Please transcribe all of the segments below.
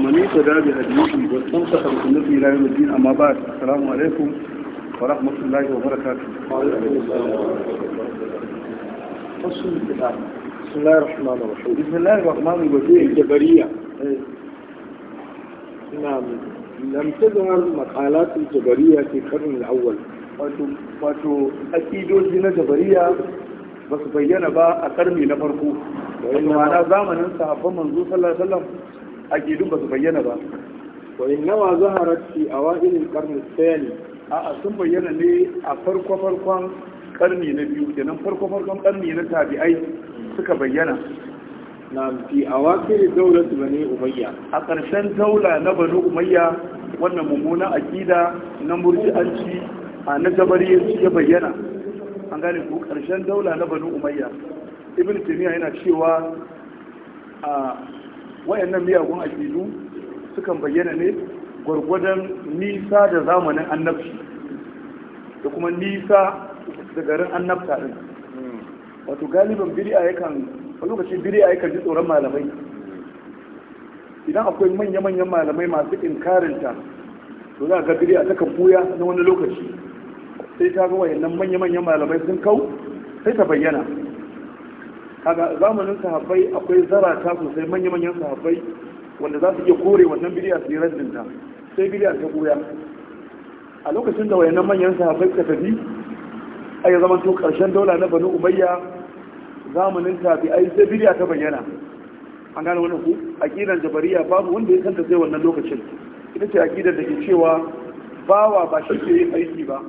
ومن يتدى بهديه واستمسك بسنته الى يوم الدين اما بعد السلام عليكم ورحمه الله وبركاته. بسم الله الرحمن الرحيم بسم الله الرحمن الرحيم الجبرية إيه. نعم لم تظهر مقالات الجبرية في القرن الأول فاتو اكيدو جنة جبرية بس بينا bayyana ba نفرقو karni انا زامن wani mana zamanin صلى الله عليه وسلم aqidun ba su bayyana ba wa innama zaharat fi a al-qarn al-thani a sun bayyana ne a farko farkon karni na biyu kenan farko farkon karni na tabi'ai suka bayyana na fi awakir daular bani umayya a ƙarshen daula na bani umayya wannan mummunan akida na murji'anci a na jabariyanci ya bayyana an gane ku ƙarshen daula na bani umayya ibn taymiya yana cewa a wayannan miyagun aƙidu sukan bayyana ne gwargwadon nisa da zamanin annabci da kuma nisa da garin annabta din wato galiban bid'a yakan a lokacin bid'a yakan ji tsoron malamai idan akwai manya-manyan malamai masu inkarinta to za ga bid'a ta kan buya na wani lokaci sai ta ga wayannan manya-manyan malamai sun kau sai ta bayyana kaga zamanin sahabbai akwai zarata sosai manya-manyan sahabbai wanda za su iya kore wannan bidiya su yi raddinta sai bidiya ta goya a lokacin da wayannan manyan sahabbai suka tafi a yi zaman to karshen daula na banu umayya zamanin yi sai bidiya ta bayyana an gane wani ku a aqidan jabariya babu wanda ya santa sai wannan lokacin ita ce aqidan da ke cewa bawa ba shi ke yin aiki ba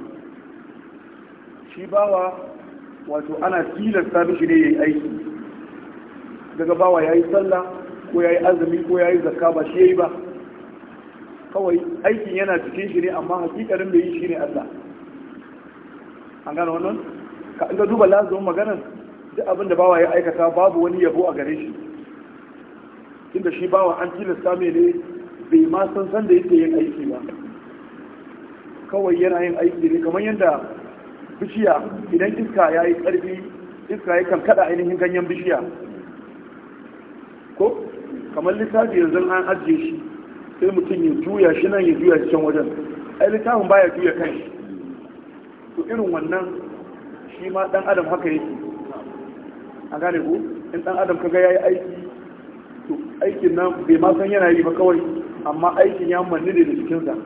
shi bawa wato ana tilasta mishi ne yayi aiki daga bawa yayi sallah ko yayi azumi ko yayi zakka ba shi yayi ba kawai aikin yana cikin shi ne amma hakikarin da yi shi ne Allah an gano wannan ka inda duba lazumin maganar duk abin da bawa ya aikata babu wani yabo a gare shi inda shi bawa an tilasta mai ne bai ma san san da yake yin aiki ba kawai yana yin aiki ne kamar yadda bishiya idan iska ya yi ƙarfi iska ya kan kada ainihin ganyen bishiya ko kamar littafi yanzu an ajiye shi sai mutum ya juya shi nan ya juya cikin wajen ai littafin baya juya kan shi to irin wannan shi ma dan adam haka yake a gane ko in dan adam kaga yayi aiki to aikin nan bai ma san yana yi ba kawai amma aikin ya manne da cikin sa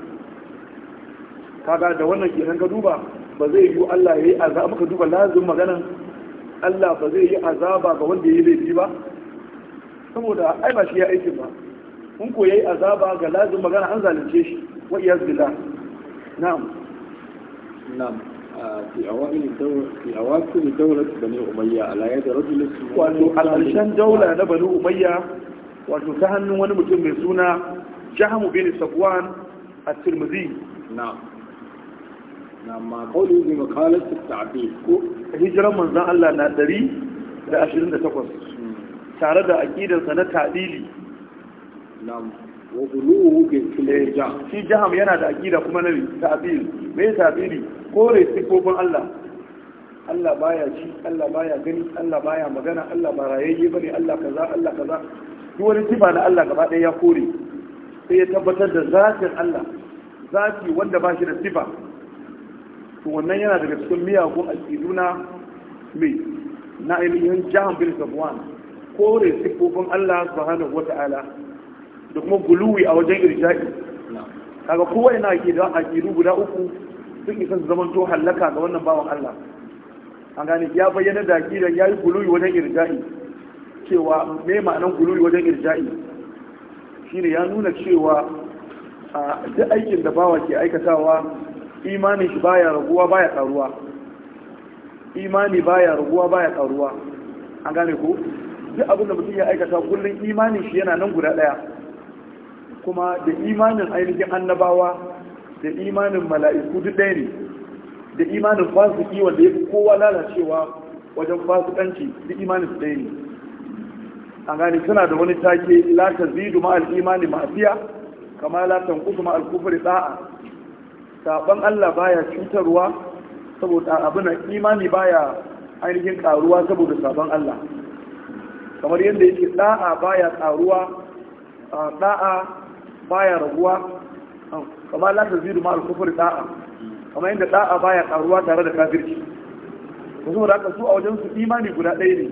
kaga da wannan kenan ka duba ba zai yi Allah ya yi azaba muka duba lazim maganan Allah ba zai yi azaba ga wanda ya yi laifi ba saboda ai ba shi ya aiki ba in ko yayi azaba ga lazim magana an zalunce shi wa iyaz billah na'am na'am fi awa'il dawla fi awa'il dawla bani umayya ala yadi rajul wato al-shan dawla na bani umayya wato ta hannun wani mutum mai suna jahamu bin safwan at-tirmidhi na'am na ma kauli bi makalatu ta'bid ko hijiran manzon Allah na 128 tare da aqidarsa na ta'dili nam wa buluhu bi filaja shi jaham yana da aqida kuma nabi ta'dil me ta'dili kore sifofin Allah Allah baya ci Allah baya gani Allah baya magana Allah ba rayayye bane Allah kaza Allah kaza duk wani sifa na Allah gaba ɗaya ya kore sai ya tabbatar da zatin Allah zati wanda ba shi da sifa to wannan yana daga cikin miyagun alƙidu na mai na ainihin jahan bin safwan kore siffofin Allah subhanahu wata'ala da kuma guluwi a wajen irja'i kaga kowa yana da alƙidu guda uku sun isa su zamanto hallaka ga wannan bawan Allah an gane ya bayyana da aƙidan ya yi guluwi wajen irja'i cewa me ma'anan guluwi wajen irja'i shine ya nuna cewa a duk aikin da bawa ke aikatawa Imani shi baya raguwa baya karuwa imani baya raguwa baya karuwa an gane ku. duk abin da mutum ya aikata kullum imanin shi yana nan guda daya kuma da imanin ainihin annabawa da imanin mala'iku duk ɗaya ne da imanin fasiki wanda ya fi kowa lalacewa wajen fasikanci duk imanin su ɗaya ne an gane suna da wani take latar zidu ma al'imani imani ma'asiya kama latar tanqusu ma al-kufri saban Allah baya cutarwa saboda abin imani baya ainihin karuwa saboda saban Allah kamar yadda yake da'a baya karuwa da'a baya raguwa kamar lati zidu ma al-kufr da'a kamar yadda da'a baya karuwa tare da kafirci kuma da su a wajen su imani guda ɗaya ne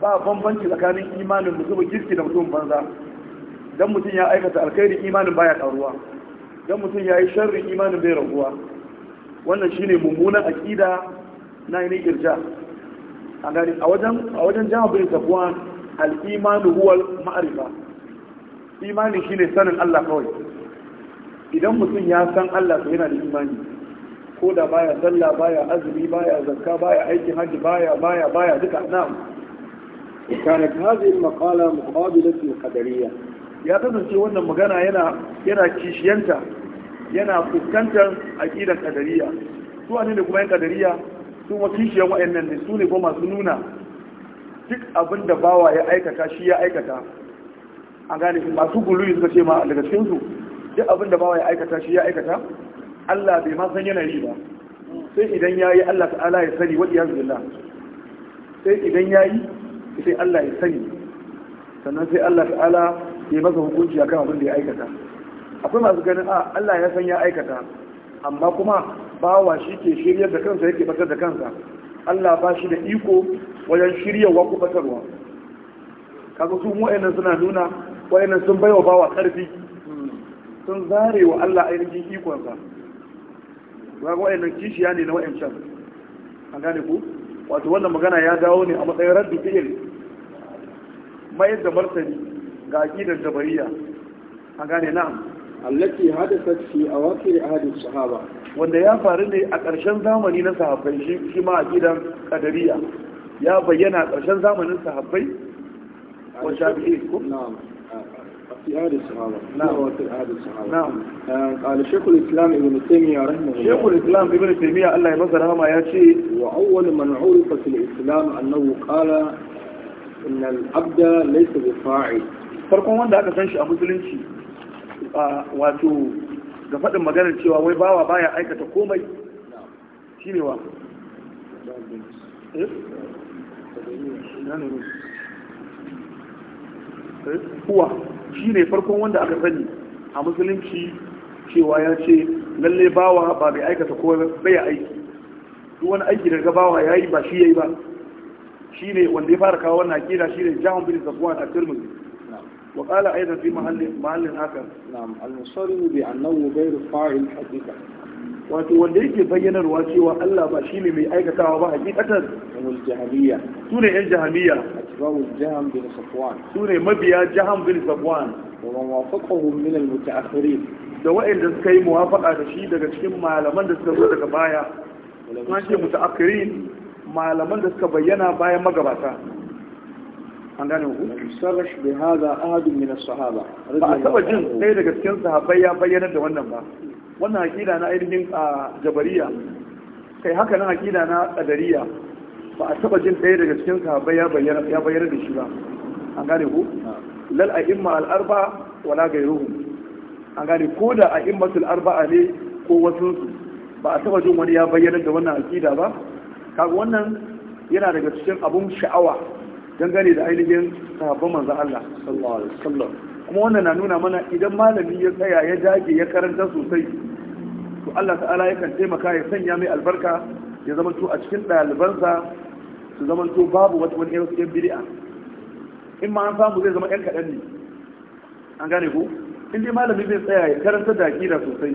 ba bambanci tsakanin imanin mutum girki da mutum banza dan mutum ya aikata alkhairi imanin baya karuwa don mutum ya yi sharrin imanin bai raguwa wannan ne mummunan aƙida na yanayin irja a gani a wajen jama'a bin safuwan al'imanu huwal ma'arifa imani shine sanin Allah kawai idan mutum ya san Allah to yana da imani ko da baya sallah baya azumi baya zakka baya aikin hajji baya baya baya duka na'am كانت هذه المقالة مقابلة القدرية ya kasance wannan magana yana yana kishiyanta yana fuskantar aqidar kadariya su ne kuma yan kadariya su ma kishiyan wa'annan ne su ne kuma masu nuna duk abin da bawa ya aikata shi ya aikata a gane masu guluyi suka ce ma daga cikin su duk abin da bawa ya aikata shi ya aikata Allah bai ma san yana yi ba sai idan yayi Allah ta'ala ya sani wa iyaz billah sai idan yayi sai Allah ya sani sannan sai Allah ta'ala Yi masa hukunci akan abin da ya aikata akwai masu ganin a ah, Allah ya san ya aikata amma kuma bawa shi ke shiryar da kansa yake batar da kansa Allah ba shi da iko wajen shiryawa ku batarwa kaga su mu'ayyanan suna nuna wayannan sun baiwa bawa karfi sun zare wa Allah ainihin ikonsa kaga wayannan kishiya ne na wayancan an gane ku wato wannan magana ya dawo ne a matsayin raddu fi'il mai da martani ga aqidar jabariya an gane na'am allati hadathat fi awaqir ahli sahaba wanda ya faru ne a ƙarshen zamani na sahabbai shi shi ma aqidar ya bayyana a ƙarshen zamanin sahabbai wa shafi'i ko na'am في أهل الصحابة شيخ الإسلام ابن تيمية رحمه الله شيخ الإسلام ابن تيمية الله يمثل ما وأول من عرف في الإسلام أنه قال إن العبد ليس بفاعل farkon wanda aka san shi a musulunci wato ga faɗin maganar cewa wai bawa baya aikata komai shi ne wa eh? Eh? kuwa shi ne farkon wanda aka sani a musulunci cewa ya ce lalle bawa ba bai aikata ko bai aiki duk wani aiki daga bawa ya yi ba shi ya yi ba shi ne wanda ya fara kawo wannan akida shi ne jahon bin safwan a turmuzi وقال أيضا في محل محل آخر نعم المصرم بأنه غير فاعل حقيقة wato wanda yake bayyanarwa cewa Allah ba shi ne mai aikatawa ba hakikatar wal jahamiyya su ne yan jahamiyya atba'u jaham bin safwan su ne mabiya jaham bin safwan wa man wafaqahum min al mutaakhirin da wa'anda suka yi muwafaqa da shi daga cikin malaman da suka zo daga baya kuma ce mutaakhirin malaman da suka bayyana bayan magabata an gane ku sarrash bi hada ahadun min as-sahaba ba a taba jin ɗaya daga cikin sahabbai ya bayyana da wannan ba wannan hakila na ainihin a jabariya kai haka nan hakila na qadariya ba a taba jin ɗaya daga cikin sahabbai ya bayyana ya bayyana da shi ba an gane ku lal a'imma al al'arba wala gairuhum an gane ko da a al'arba a ne ko wasu ba a taba jin wani ya bayyana da wannan hakila ba kaga wannan yana daga cikin abun sha'awa dangane da ainihin sahabban manzan Allah sallallahu alaihi wasallam kuma wannan na nuna mana idan malami ya tsaya ya dage ya karanta sosai to Allah ta'ala yakan taimaka ya sanya mai albarka ya to a cikin ɗalibansa su to babu wata wani irin cikin bid'a in ma an samu zai zama yan kaɗan ne an gane ko in dai malami zai tsaya ya karanta da aqida sosai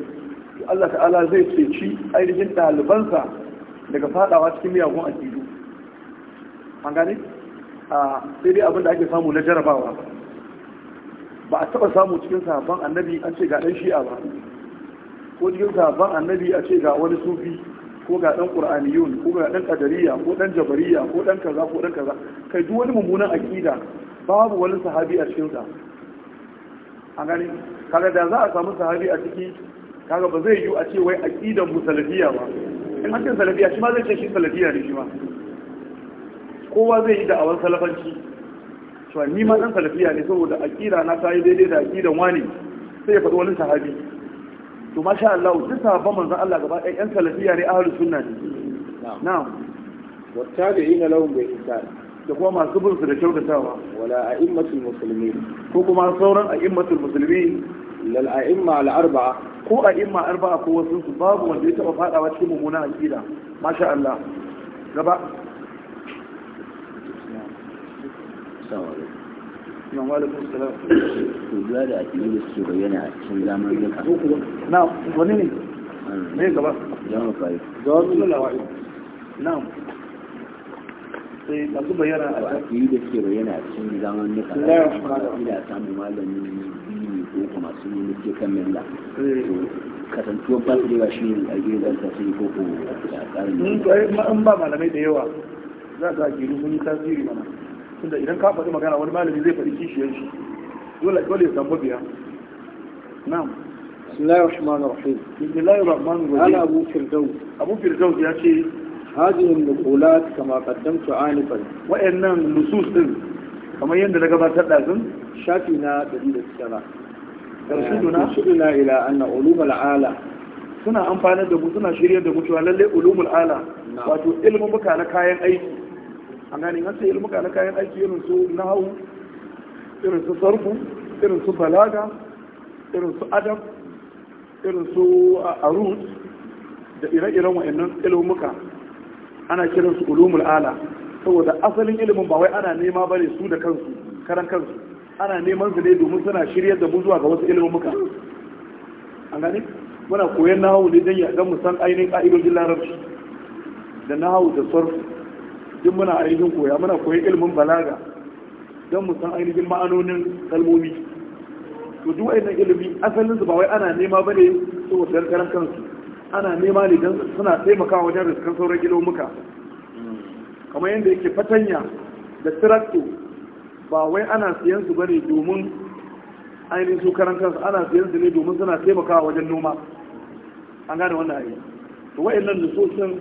to Allah ta'ala zai ceci ainihin ɗalibansa daga fadawa cikin miyagun addini an gane sai dai abinda ake samu na jarabawa ba a taba samu cikin sahabban annabi an ce ga dan shi'a ba ko cikin sahabban annabi a ce ga wani sufi ko ga dan qur'aniyun ko ga dan ƙadariya, ko dan jabariya ko dan kaza ko dan kaza kai duk wani mummunan aqida babu wani sahabi a cikin sa an gani kaga da za a samu sahabi a ciki kaga ba zai yiwu a ce wai aqidan musalafiya ba in an ce salafiya shi ma zai ce shi salafiya ne shi ma kowa zai yi da'awar salafanci cewa ni ma dan salafiya ne saboda akira na ta yi daidai da akidan wani sai ya faɗi wani sahabi to masha Allah duk sahabban manzon Allah gaba ɗaya yan salafiya ne ahlus sunna ne na'am wa tabi'ina lahum bi ihsan da kuma masu bin su da kyautatawa wala a'immatul muslimin ko kuma sauran a'immatul muslimin lal a'imma al arba'a ko a'imma arba'a ko wasu su babu wanda ya taba fadawa cikin mummunan aqida masha Allah gaba Assalamu alaikum. da da su a cikin zamanin a da su bayyana a cikin zamanin duka. da yi eh. ba su yawa shi ne a da ta sai ko ko da karin. ba malamai da yawa za ka giru sun tasiri mana. tunda idan ka faɗi magana wani malami zai faɗi kishiyar shi dole dole ya samu biya na'am bismillahir rahmanir rahim bismillahir rahmanir rahim ana abu firdaus abu firdaus ya ce هذه النقولات كما قدمت آنفا وإن النصوص كما يندل قبل تلازم na دليل السنة يرشدنا إلى أن علوم العالم suna amfani da mu suna shirya da mutuwa lalle ulumul ala wato ilmin muka na kayan aiki an gane an ce ilmuka na kayan aiki irin su nahawu irin su sarfu irin su balaga irin su adab irin su arut da ire-iren wa'annan ilmuka ana kiran su ulumul ala saboda asalin ilimin ba wai ana nema bane su da kansu karan kansu ana neman su ne domin suna shirya da mu zuwa ga wasu ilmuka an gane muna koyon nahawu ne don mu san ainihin ka'idojin larabci da nahawu da sarfu duk muna ainihin koya muna koyi ilimin balaga don mu san ainihin ma'anonin kalmomi to duk wa'annan ilimi asalin su ba wai ana nema ba ne saboda karan kansu ana nema ne don suna taimakawa wajen riskan sauran muka kamar yadda yake fatanya da tirakto ba wai ana siyan su ne domin ainihin su karan kansu ana siyan su ne domin suna taimakawa wajen noma an gane wannan ayi to wa'annan nusosin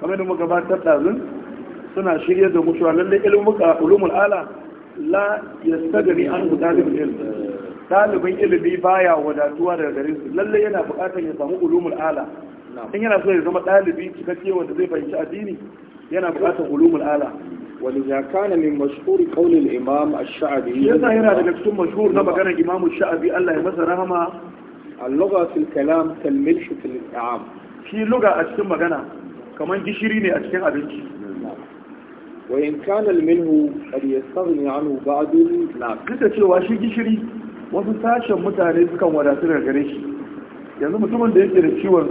kamar da muka gabatar ɗazun suna shirya da mutuwa lallai ilmuka ulumul ala la yastagani an mutalibul ilm dalibin ilimi baya wadatuwa daga gare su lallai yana buƙatar ya samu ulumul ala in yana so ya zama dalibi cikakke wanda zai fahimci addini yana buƙatar ulumul ala ولذا كان من مشهور قول الإمام الشعبي يزا هنا Allah ya masa rahama. الإمام الشعبي fil kalam, رحمة اللغة في الكلام Shi في a cikin magana. Kamar gishiri ne a cikin abinci. wa in kana alminhu qad yastaghni anhu ba'd na duka cewa shi gishiri wasu sashen mutane sukan wadatu daga gare shi yanzu mutumin da yake da ciwon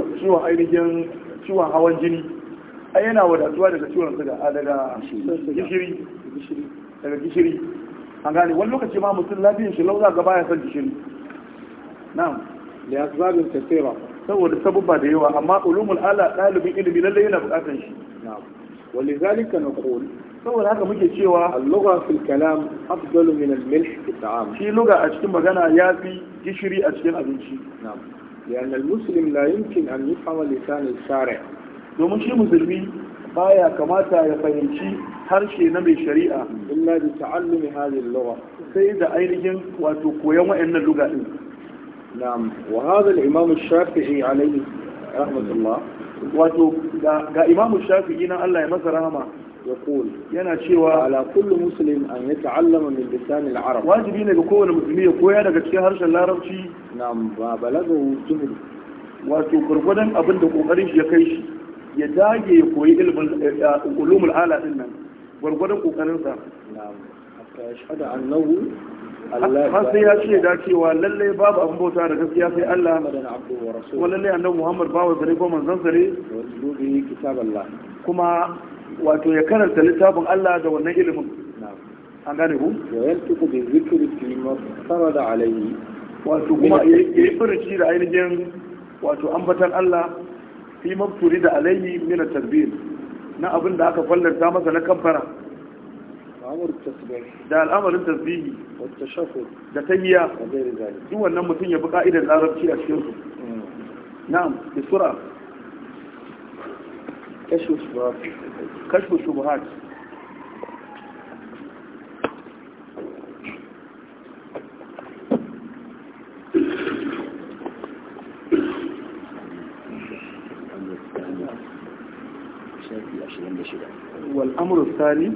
ainihin ciwon hawan jini ai yana wadatuwa daga ciwon suga daga gishiri daga gishiri an gane wani lokaci ma mutum lafiyar shi lauza gaba ya san gishiri na'am da ya zabin kasira saboda sabubba da yawa amma ulumul ala ɗalibin ilimi lallai yana buƙatar shi na'am ولذلك نقول saboda haka muke cewa al-lugha fil kalam afdalu min al-milh fi taam shi lugha a cikin magana yafi gishiri a cikin abinci na'am لأن المسلم لا يمكن أن يفهم domin shi musulmi baya kamata ya fahimci harshe na mai shari'a illa bi ta'allumi hadhihi al-lugha sai da ainihin wato koyon wayannan lugha din na'am wa hadha al-imam ash-shafi'i alayhi rahmatullah wato ga imamu shafi'i na Allah ya masa rahama ya kul yana cewa ala kullu an ya ta'allama min lisan al wajibi ne ga kowane musulmi ya koya daga cikin harshen larabci na'am ba balaga wato gurgudan abin da kokarin shi ya kai shi ya dage ya koyi ilmin eh, eh, ulumul ala din nan gurgudan kokarin na na'am hatta yashhadu annahu har sai ya ce da cewa lallai babu abin bauta da gaskiya sai Allah kuma lallai annabi Muhammad bawa zare ko manzon zare kuma wato ya karanta littafin Allah da wannan ilimin an gane ku yantiku bi zikri fi ma farada alayhi wato kuma yayi furuci da ainihin wato ambatan Allah fi mabturi da alayhi min at-tadbir na abin da aka fallarta masa na kamfara da al'amarin tasbihi da tahiya duk wannan mutum ya bi ka'idar larabci a cikin su mm. na'am kashfu shubuhat kashfu shubuhat الثاني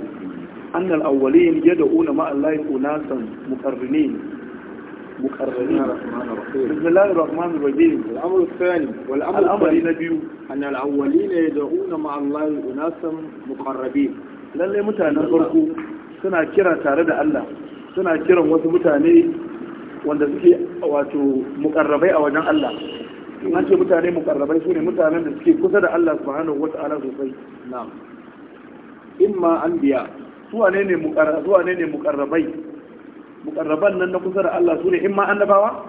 أن الأولين يدعون مع الله أناسا مقرنين مقرنين بسم الله الرحمن الرحيم الأمر الثاني والأمر الأمر نبي أن الأولين يدعون مع الله أناسا مقربين للي متانا فرقو سنة كرة تارد الله سنة كرة وسمتاني wanda suke wato mukarrabai a wajen Allah an ce mutane mukarrabai su ne mutanen da suke kusa da Allah subhanahu wata'ala sosai na'am imma anbiya zuwa ne ne zuwa mukarrabai mukarraban nan na kusa da Allah su ne imma annabawa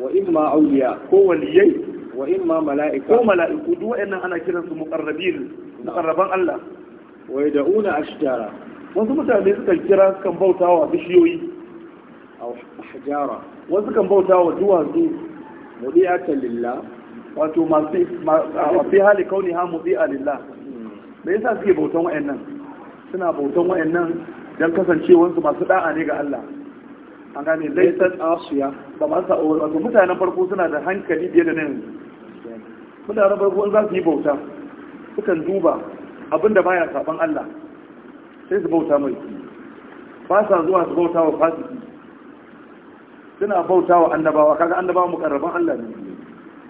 wa imma auliya ko waliyai wa imma mala'ika ko mala'iku duk wayannan ana kiran su muqarrabin muqarraban Allah wa yad'una ashjara wasu mutane suka kira kan bautawa bishiyoyi aw ahjara wasu kan bautawa duwatsu mudi'atan lillah wato masu fi hali kauni ha mudi'a lillah hmm. me yasa suke bautan wayannan suna bautan wayannan don kasancewansu masu da'a ne ga Allah an gane san asiya ba masu wato mutanen farko suna da hankali biye da nan mutanen farko in za su yi bauta sukan duba abinda baya saban Allah sai su bauta mai ba sa zuwa su bauta wa fasiki suna bauta wa annabawa kaga annabawa mukarraban Allah ne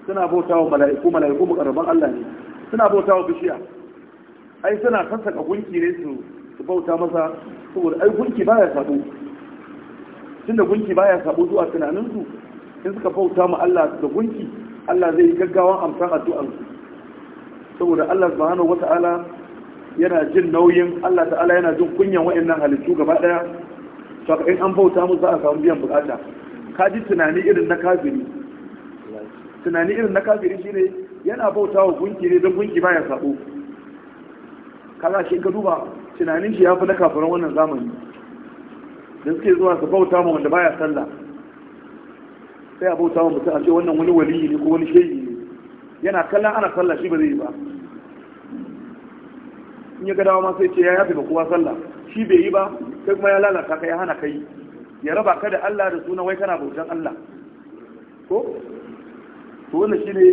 suna bauta wa mala'iku mala'iku mukarraban Allah ne suna bauta wa bishiya ai suna sassaka gunki ne su su bauta masa saboda ai gunki baya sabo tunda gunki baya sabo zuwa tunanin su in suka bauta ma Allah da gunki Allah zai yi gaggawan amsan addu'ar su saboda Allah subhanahu wata'ala yana jin nauyin Allah ta'ala yana jin kunyan wa'annan halittu gaba daya to in an bauta mu za a samu biyan bukata ka ji tunani irin na kafiri tunani irin na kafiri shine yana bauta wa gunki ne don gunki baya sabo kaza shi ka duba tunanin shi ya fi na kafiran wannan zamani da suke zuwa su bauta ma wanda baya sallah sai a bauta ma mutum a ce wannan wani waliyi ne ko wani shehi ne yana kallon ana sallah shi ba zai yi ba in ya gadawa ma sai ce ya yafi ba kowa sallah shi bai yi ba sai kuma ya lalata ka ya hana kai ya raba ka da Allah da suna wai kana bautan Allah ko to wannan shine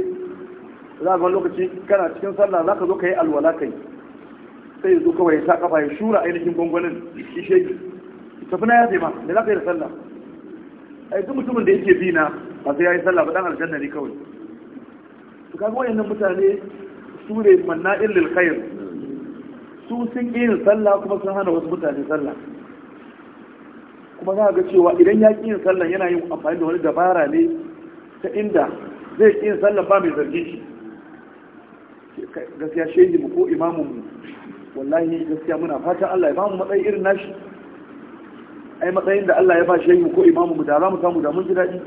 za ga lokaci kana cikin sallah za ka zo ka yi alwala kai sai ya zo kawai ya sa kafa ya shura ainihin gwangwanin shi shege tafi na ya zai ma da za ka yi da sallah a yanzu mutumin da yake bi na ba sai ya yi sallah ba dan aljanna ne kawai su kaga wayannan mutane su ne manna illil khair su sun ƙi yin sallah kuma sun hana wasu mutane sallah kuma za ga cewa idan ya ƙi yin sallah yana yin amfani da wani dabara ne ta inda zai ƙi yin sallah ba mai zargin shi gaskiya shehi mu ko imamun mu wallahi gaskiya muna fatan Allah ya mu matsayi irin nashi ai matsayin da Allah ya ba shi ko imamu mu da za mu samu da mun ji daɗi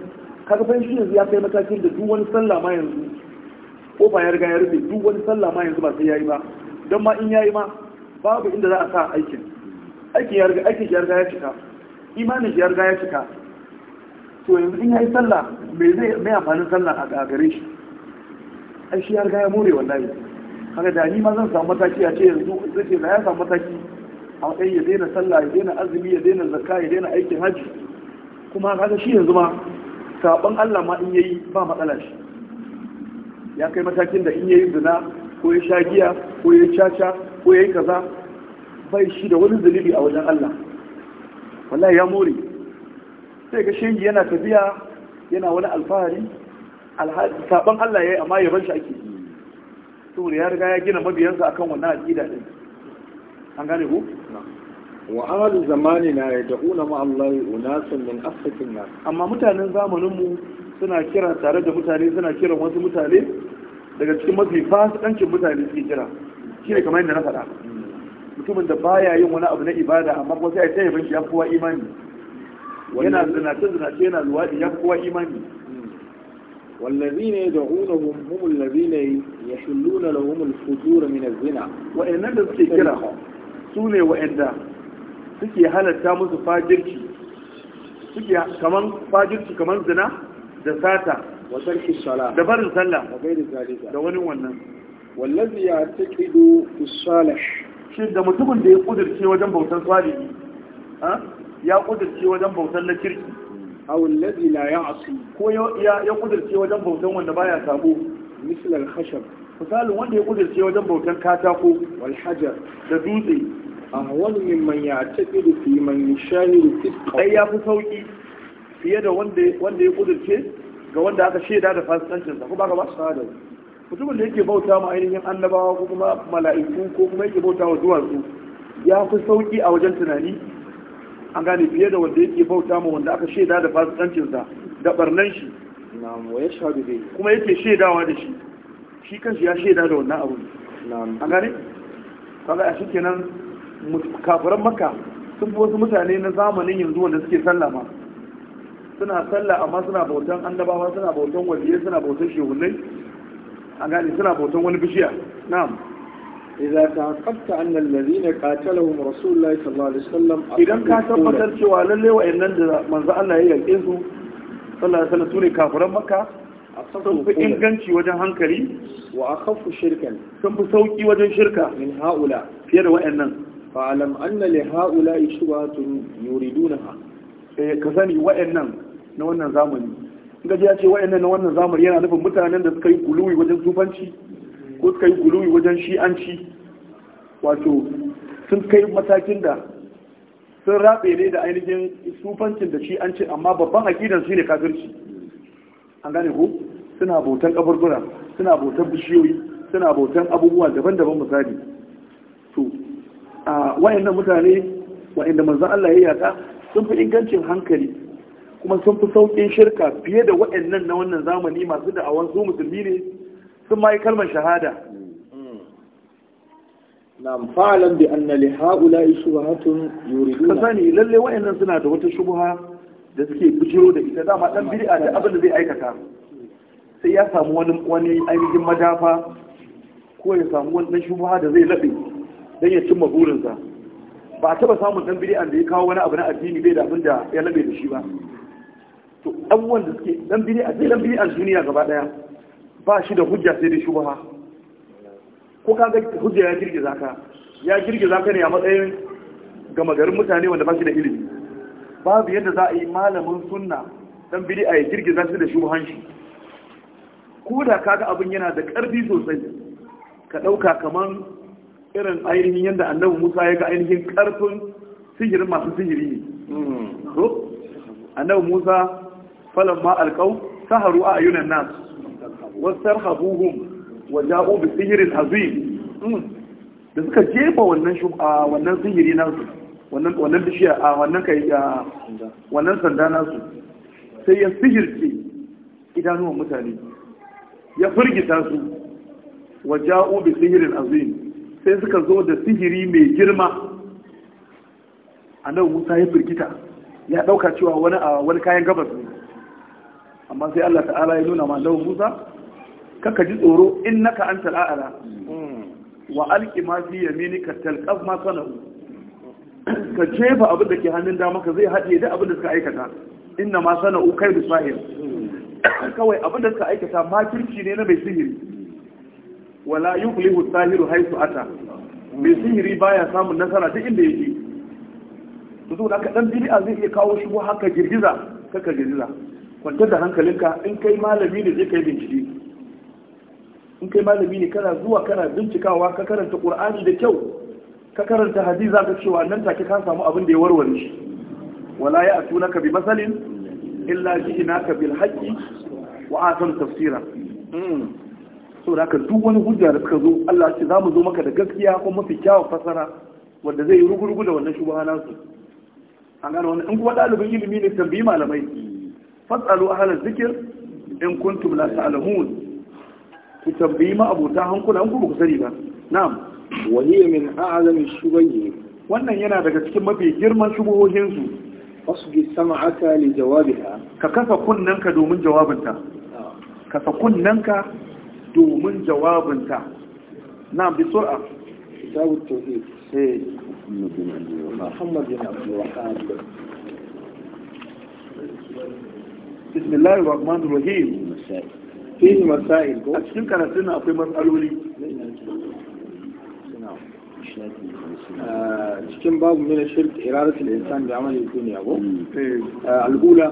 kaga fa shi yanzu ya kai matakin da duk wani sallah ma yanzu ko ba ya riga ya rufe duk wani sallah ma yanzu ba sai yayi ba dan ma in yayi ma babu inda za a sa aikin aikin ya riga aikin ya riga ya cika imanin ya riga ya cika to yanzu in yayi sallah me zai me amfanin sallah a gare shi ai shi ya riga ya more wallahi kaga da ni ma zan samu mataki a ce yanzu zai da ya samu mataki a matsayin ya daina sallah ya daina azumi ya daina zakka ya daina aikin hajji kuma kaga shi yanzu ma sabon Allah ma in yayi ba matsala shi ya kai matakin da in yayi zina ko ya sha giya ko ya caca ko ya yi kaza bai shi da wani zunubi a wajen Allah wallahi ya more sai ga shegi yana tafiya yana wani alfahari alhaji sabon Allah yayi amma ban shi ake yi saboda ya riga ya gina mabiyansa akan wannan aqida din an gane ku wa ahlu zamani na yad'una ma Allah unasan min afsakin nas amma mutanen zamanin mu suna kira tare da mutane suna kira wasu mutane daga cikin mafi fasikancin mutane suke kira shine kamar yadda na faɗa mutumin da baya yin wani abu na ibada amma kuma sai ya tayyabin shi ya kowa imani yana zinace zinace yana luwadi ya kowa imani والذين يدعونهم هم الذين يحلون لهم الفجور من الزنا وإن نبس كرها سوني وإن دا سكي هل التامس فاجرتي سكي كمان فاجرتي كمان زنا دساتا وترك الصلاة دبر الصلاة وغير ذلك دوان ونن والذي يعتقد في الصالح شيء da mutumin da ya kudirce wajen bautan salihi ya kudirce wajen bautan na kirki aw alladhi la asu. ko ya kudurce wajen bautan wanda baya samu misal al misalin wanda ya kudurce wajen bautan katako wal hajar da dutse a wani mimman ya tafi da fi man shahiru fiska ya fi sauƙi fiye da wanda ya kudurce ga wanda aka shaida da fasikancinsa ko ba ka ba su mutumin da yake bauta ma ainihin annabawa ko kuma mala'iku ko kuma yake bauta wa duwatsu ya fi sauki a wajen tunani an gane fiye da wanda yake bauta ma wanda aka shaida da fasikancinsa da barnan shi kuma yake shaidawa da shi shi kanshi ya shaida da wannan abu an gane kaga a shikenan kafiran makka sun fi wasu mutane na zamanin yanzu wanda suke sallah ma suna sallah amma suna bautan annabawa suna bautan waliyai suna bautan shehunai an gane suna bautan wani bishiya na'am إذا تعقبت أن الذين قاتلهم رسول الله صلى الله عليه وسلم إذا كان تبتر شوى للي وإن من ذا الله هي الإذن صلى الله عليه وسلم سوري كافر مكة sun fi inganci wajen hankali wa akhafu shirkan sun fi sauki wajen shirka min haula fiye da wayannan fa alam anna li haula shubhatun yuridunaha eh ka sani wayannan na wannan zamani in ga ya ce wayannan na wannan zamani yana nufin mutanen da suka yi kuluwi wajen zubanci ko suka yi guluwi wajen shi'anci wato sun kai matakin da sun rabe ne da ainihin sufancin da shi'anci amma babban aƙidan su ne kafirci an gane ko suna bautan kaburbura suna bautan bishiyoyi suna bautan abubuwa daban-daban misali to a wayannan mutane wayanda manzon Allah ya yata sun fi ingancin hankali kuma sun fi sauƙin shirka fiye da wayannan na wannan zamani masu da'awan su musulmi ne sun ma yi kalmar shahada hmm. na'am fa'alan bi anna li ha'ula'i shubhatun yuriduna kasani lalle nan suna da wata shubha da suke bujiro da ita dama dan bid'a da abin da zai aikata sai ya samu wani wani ainihin madafa ko ya samu wani dan shubha da zai labe dan ya cimma burinsa ba a taba samun dan bid'a da ya kawo wani abu na addini bai da abin da ya labe da shi ba to abubuwan da suke dan bid'a dan bid'a duniya gaba daya ba shi da hujja sai dai shubha ko ga hujja ya girgiza ka ya girgiza ka ne a matsayin gama garin mutane wanda ba shi da ilimi babu yadda za a yi malamin sunna dan bid'a a girgiza shi da shubhan shi ko da kaga abin yana da karfi sosai ka dauka kaman irin ainihin yadda annabi Musa ya ga ainihin karfin sihirin masu sihiri ne hmm. annabi Musa falan ma saharu a ayunan nasu wastarhabuhum wa ja'u bi sihrin azim hmm. da suka jefa wannan shubha wannan sihiri su wannan wannan bishiya a wannan kai wannan sanda su sai ya sihirce idanuwan mutane ya firgita su wa ja'u bi sihrin azim sai suka zo da sihiri mai girma A nan Musa ya firgita ya dauka cewa wani wani kayan gabas ne amma sai Allah ta'ala ya nuna ma annabi Musa kaka ji tsoro in naka an tala'ala hmm. wa alki ma fi yamini ka talƙaf ma sana'u ka jefa abin da ke hannun dama ka zai haɗe da abin da suka aikata inna ma sana'u kai da sahir hmm. kawai abin da suka aikata makirci ne na mai sihiri wala yuflihu sahiru haisu ata mai hmm. sihiri baya samun nasara duk inda yake yanzu da ka dan bid'a zai iya kawo shi haka girgiza kaka girgiza kwantar da hankalinka in kai malami ne zai kai bincike in kai malami ne kana zuwa kana bincikawa ka karanta qur'ani da kyau ka karanta hadisi zaka cewa nan take ka samu abin da ya warware shi wala ya atunaka bi masalin illa ji'naka bil haqqi wa atam tafsira mm. da ka duk wani hujja da suka zo Allah ce za zo maka da gaskiya ko mafi kyawun fasara wanda zai yi da wannan shubaha su an gano wannan in kuma dalibin ilimi ne tambayi malamai fasalu ahlaz zikir in kuntum la ta'lamun ku tambayi ma abota hankula ku ku sani ba na'am wa hiya min a'zami shubayhi wannan yana daga cikin mafi girman shubuhohin su wasbi sam'aka li jawabiha ka kasa kunnanka domin jawabinta Ka ah. kafa kunnanka domin jawabinta na'am bi sur'a kitabu tauhid eh Muhammad bin Abdul Wahhab بسم الله الرحمن الرحيم fihi masail a cikin karatun na akwai matsaloli eh, cikin babu mina shirk iradatul insan bi amali duniya ko hmm. eh. Eh, al'ula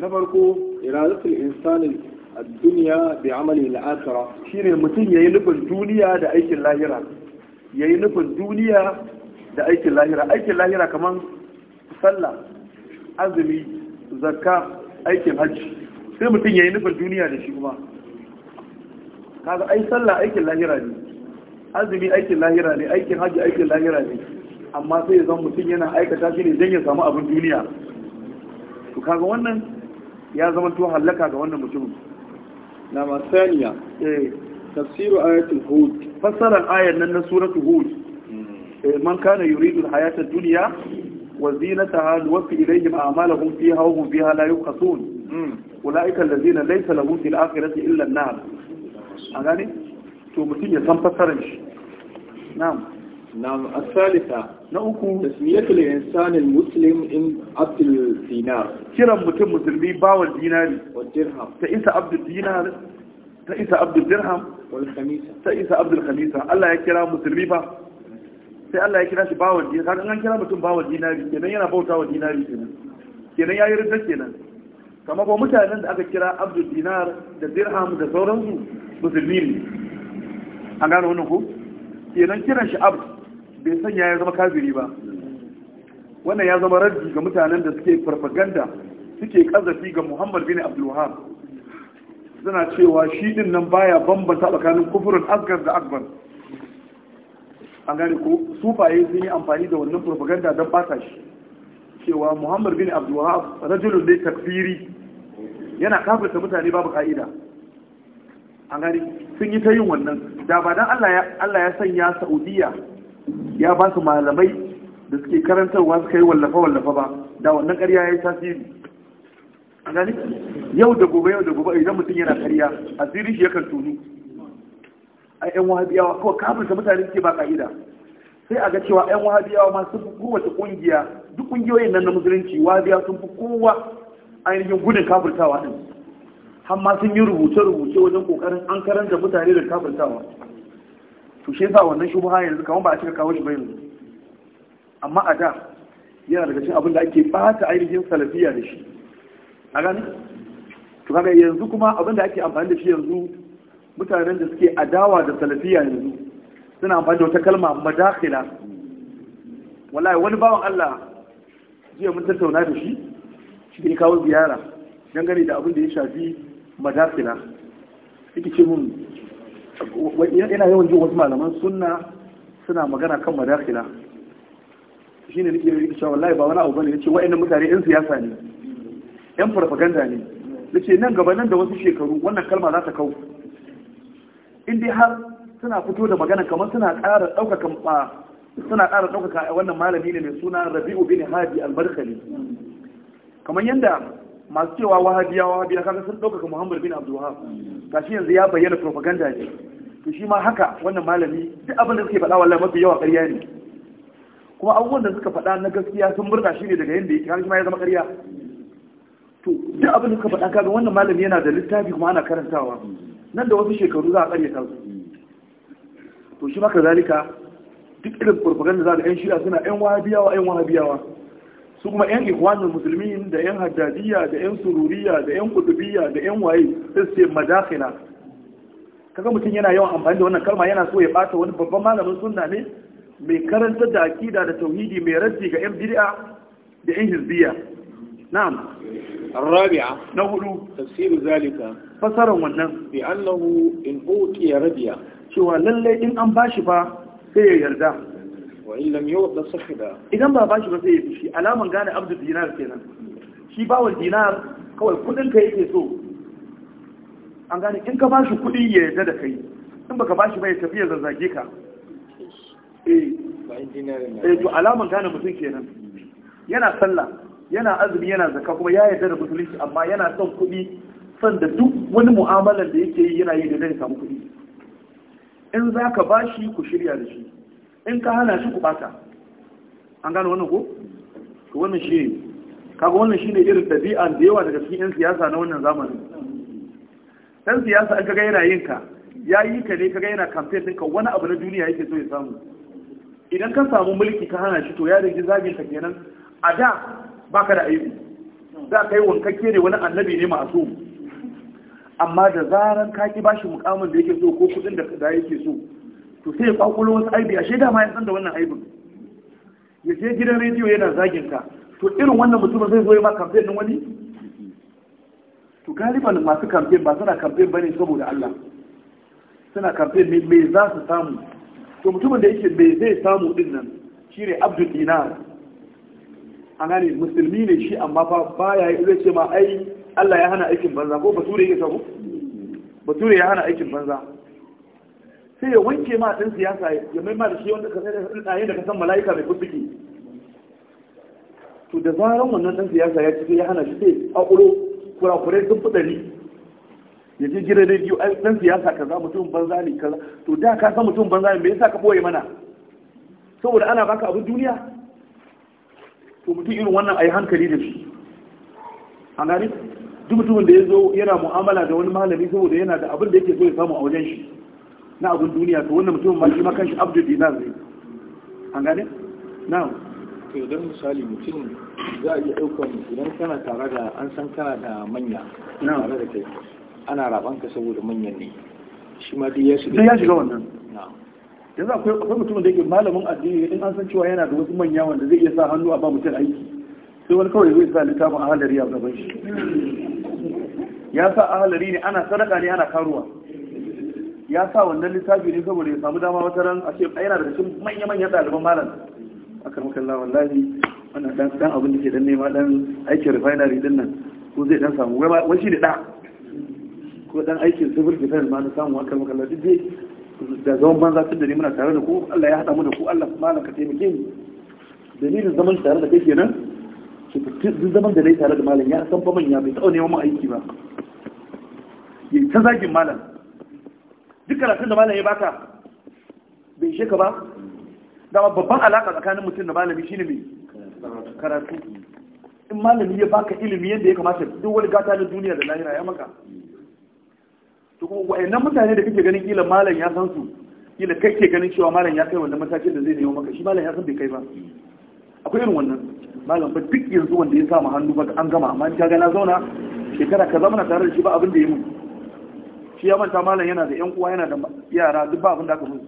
na farko iradatul insan ad-dunya bi amali al-akhirah shine mutum yayi nufin duniya da aikin lahira yayi nufin duniya da aikin lahira aikin lahira kaman sallah azumi zakka aikin hajji sai mutum yayi nufin duniya da shi kuma kaga ai sallah aikin lahira ne azumi aikin lahira ne aikin haji aikin lahira ne amma sai ya zama mutum yana aikata shi ne don ya samu abin duniya to kaga wannan ya zama to hallaka ga wannan mutumin na masaniya eh tafsiru ayatul hud fassarar ayar nan na suratul hud hmm. eh, man kana yuridu al-hayata ad-dunya wa zinataha nuwaffi ilayhim a'malahum fiha wa hum fiha la yubqasun hmm. ulaika allazina laysa lahum fil akhirati illa an-nar a gane to mutum ya san fasarar shi na'am na'am asalita na uku tasmiyatul insanil muslim in abdul dinar kiran mutum musulmi bawan dinari wa dirham ta isa abdul dinar ta isa abdul dirham wal khamisa ta isa abdul khamisa Allah ya kira musulmi ba sai Allah ya kira shi bawan dinari kaga an kira mutum bawan dinari kenan yana bautawa dinari kenan kenan yayi ridda kenan kamar ba mutanen da aka kira abdul dinar da dirham da sauransu musulmi ne an gane wannan ko kenan kiran shi abu bai sanya ya zama kafiri ba wannan ya zama raddi ga mutanen da suke farfaganda suke kazafi ga muhammad bin abdulwahab suna cewa shi din nan baya bambanta tsakanin kufurin asgar da akbar an gane ko sufaye sun yi amfani da wannan farfaganda don bata shi cewa muhammad bin abdulwahab rajulun ne takfiri yana kafirta mutane babu ka'ida an gani sun yi ta yin wannan da ba dan Allah ya sanya Saudiya ya ba su malamai da suke karantarwa suka yi wallafa wallafa ba da wannan ƙarya ya yi tasiri an gani yau da gobe yau da gobe idan mutum yana ƙarya asirin shi yakan tunu a yan wahabiyawa kawai kafin ta mutane suke ba ka'ida sai a ga cewa yan wahabiyawa ma sun fi kowace ƙungiya duk ƙungiyoyin nan na musulunci wahabiyawa sun fi kowa ainihin gudun kafirtawa din har ma sun yi rubuce-rubuce wajen kokarin an karanta mutane da kafintawa to shi yasa wannan shubha yanzu kamar ba a cika kawo shi ba yanzu amma a da yana daga cikin abin da ake bata ainihin salafiya da shi a gani to kaga yanzu kuma abin da ake amfani da shi yanzu mutanen da suke adawa da salafiya yanzu suna amfani da wata kalma madakhila wallahi wani bawan Allah jiya mun tattauna da shi shi ne kawo ziyara dangane da abin da ya shafi Madafina ita ce mun yana yawan jin wasu malaman sunna suna magana kan madafina. shi ne nake rikicin wallahi ba wani abu bane nace wa'annan mutane yan siyasa ne yan farfaganda ne nace nan gaba nan da wasu shekaru wannan kalma za ta kau in har suna fito da magana kamar suna ƙara ɗaukaka ba suna ƙara ɗaukaka wannan malami ne mai suna Rabi'u bin Hadi al-Barkali kamar yanda masu cewa wahabiya wahabiya kaga sun ɗaukaka muhammad bin abdul wahab gashi yanzu ya bayyana propaganda ne to shi ma haka wannan malami duk abin da suke faɗa wallahi mafi yawa ƙarya ne kuma abubuwan da suka faɗa na gaskiya sun murna shi ne daga yadda yake kaga shi ma ya zama ƙarya to duk abin da suka faɗa kaga wannan malami yana da littafi kuma ana karantawa nan da wasu shekaru za a ƙarya ta to shi ma kazalika duk irin propaganda za ga yan shi'a suna yan wahabiyawa yan wahabiyawa su kuma yan ikwanin musulmi da yan haddadiyya da yan sururiya da yan kudubiya da yan waye sai su ce madakhila kaga mutum yana yawan amfani da wannan kalma yana so ya bata wani babban malamin sunna ne mai karanta da akida da tauhidi mai raddi ga yan bid'a da yan hizbiya na'am الرابعة نقول تفسير ذلك فسر ونن Cewa lallai lalle in ba shi fa sai ya yarda. wa illam yu'ta idan ba bashi ba sai ya fushi alaman gane abdu dinar kenan shi wa dinar kawai kudin ka yake so an gane in ka bashi kudi ya yarda da kai in baka bashi ba tafiya tafi ya zazzage ka eh, eh to alaman gane mutum kenan yana sallah yana azumi yana zakka kuma ya yarda da musulunci amma yana son kudi son da duk wani mu'amalar da yake yi yana yi da zai samu kudi in za ka bashi ku shirya da shi in ka hana shi ku bata an gano wannan ko to wannan shi ne kaga wannan shine irin dabi'a da yawa daga cikin yan siyasa na wannan zamani. dan siyasa an kaga yana yin ka ya yi ka ne kaga yana campaign ɗinka wani abu na duniya yake so ya samu idan ka samu mulki ka hana shi to ya rinji zagin ka kenan a da baka da aibi za ka yi wankakke ne wani annabi ne masu amma da zaran ka ki bashi mukamin da yake so ko kudin da yake so to sai ya kwakwalo wasu aibi a shaida ma ya san da wannan aibin ya je gidan rediyo yana zagin ka to irin wannan mutum zai zo ya ma kamfen din wani to galiban masu kamfen ba suna kamfen ne saboda Allah suna kamfen me za su samu to mutumin da yake me zai samu din nan shi Abdul Dinar A gane musulmi ne shi amma fa baya zai ce ma ai Allah ya hana aikin banza ko bature yake ba? bature ya hana aikin banza sai ya wanke ma ɗin siyasa ya mai mara da shi wanda kasar sai da yadda ka san mala'ika mai kusurki to da zaran wannan ɗan siyasa ya cike ya hana shi sai a ƙuro kurakurai sun fi ɗari ya je gina rediyo ai ɗan siyasa kaza mutum banza ne kaza to da ka san mutum banza ne me yasa ka ɓoye mana saboda ana baka abin duniya to mutum irin wannan a yi hankali da shi a gani duk mutumin da ya zo yana mu'amala da wani malami saboda yana da abin da yake so ya samu a wajen shi na abin duniya to wannan mutumin ma shi ma kanshi abdul dinar ne an gane na to dan misali mutum za a iya ɗaukar idan kana tare da an san kana da manya tare da kai ana raban ka saboda manyan ne shi ma duk ya shiga ya shiga wannan yanzu akwai akwai mutumin da yake malamin addini in an san cewa yana da wasu manya wanda zai iya sa hannu a ba mutum aiki sai wani kawai zai sa littafin ahalari a gaban shi ya sa ahalari ne ana sadaka ne ana karuwa ya sa wannan littafi ne saboda ya samu dama wata ran a ce yana da cikin manya-manyan ɗaliban malam a karmakalla wallahi wannan dan ɗan abin da ke dan nema dan aikin refinery din nan ko zai dan samu wai shi ne ɗa? ko dan aikin civil defense ma na samu a karmakalla duk da zaman banza tun da ne muna tare da ku Allah ya haɗa mu da ku Allah malam ka taimake mu dalilin zaman tare da kai kenan duk zaman da na yi tare da malam ya san fa manya bai taɓa neman aiki ba Yai ta zagin malam duk karatun da malam ya baka bai sheka ba dama babban alaka tsakanin mutum da malami shine mai karatu in malami ya baka ilimi yadda ya kamata duk wani gata na duniya da lahira ya maka to kuma wayannan mutane da kake ganin kila malam ya san su kila kai ke ganin cewa malam ya kai wannan matakin da zai nemo maka shi malam ya san bai kai ba akwai irin wannan malam ba duk yanzu wanda ya sa mu hannu ba an gama amma ka ga na zauna shekara kaza muna tare da shi ba abin da ya mun shi ya manta malam yana da yan uwa yana da yara duk ba abin da aka mun.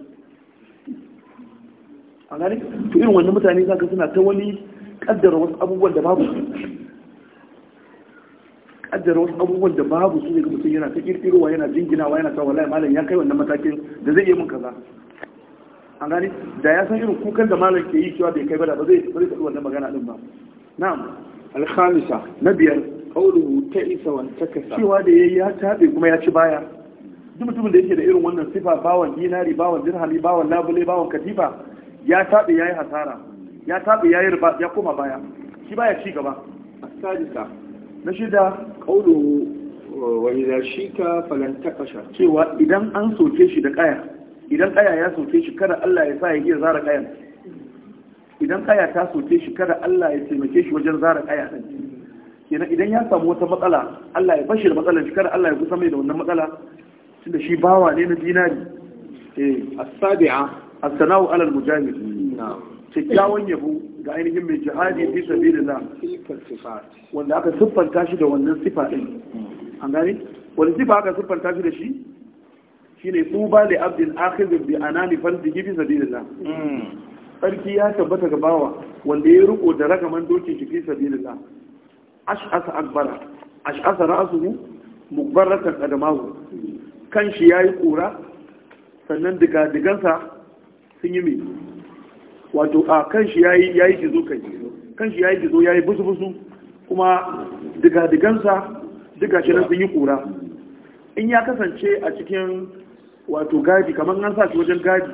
a gani to irin wannan mutane zaka suna ta wani kaddara wasu abubuwan da babu kaddara wasu abubuwan da babu su ne ga mutum yana ta kirkirowa yana jinginawa yana ta wallahi malam ya kai wannan matakin da zai yi mun kaza an gani da ya san irin kukan da malam ke yi cewa bai kai ba da ba zai faɗi wannan magana din ba na'am alkhamisa na biyar kauluhu ta isa wa takasa cewa da yayi ya tabe kuma ya ci baya duk mutumin da yake da irin wannan sifa bawan dinari bawan dirhami bawan labule bawan katifa ya tabe yayi hasara ya tabe yayi riba ya koma baya shi baya ci gaba asadisa na shida qawlu wa idza shika falan takasha cewa idan an soke shi da kaya idan kaya ya soke shi kada Allah ya sa ya iya zara kayan idan kaya ta soke shi kada Allah ya taimake shi wajen zara kaya din kenan idan ya samu wata matsala Allah ya bashi da matsalar shi kada Allah ya kusa mai da wannan matsala tunda shi bawa ne na dinari eh as-sabi'a as-sana'u 'ala al-mujahid kyakkyawan yabo ga ainihin mai jihadi fi sabilillah wanda aka siffanta shi da wannan sifa din hmm. an gani wani sifa aka siffanta shi da shi shine tuba li abdin akhidh bi anani fardihi fi sabilillah hmm. sarki ya tabbata ga bawa wanda ya riko da ragaman dokin shi fi sabilillah ash'asa akbara ash'asa ra'suhu mukbarratan adamahu kanshi ya yi kura sannan digadigansa sun yi mai wato a kanshi ya yi gizo kai kanshi ya yi gizo ya yi busu-busu kuma digadigansa diga shi nan sun yi kura in ya kasance a cikin wato gadi kamar nan sa shi wajen gadi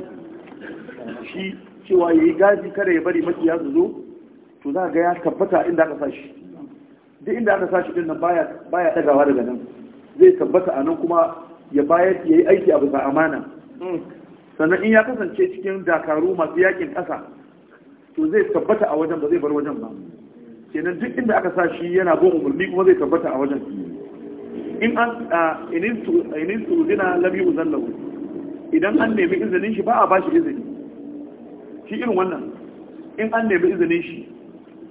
shi cewa ya yi gadi kada ya bari makiya ya zo to za ga ya tabbata inda aka sa shi duk inda aka sa shi din nan baya ɗagawa daga nan zai tabbata a nan kuma ya bayar ya yi aiki a bisa amana hmm. sannan in ya kasance cikin dakaru masu yakin ƙasa to zai tabbata a wajen ba zai bar wajen ba kenan duk inda aka sa shi yana bin umarni kuma zai tabbata a wajen in an inin zina labi uzallahu idan an nemi izinin shi ba a bashi izini shi irin wannan in an nemi izinin shi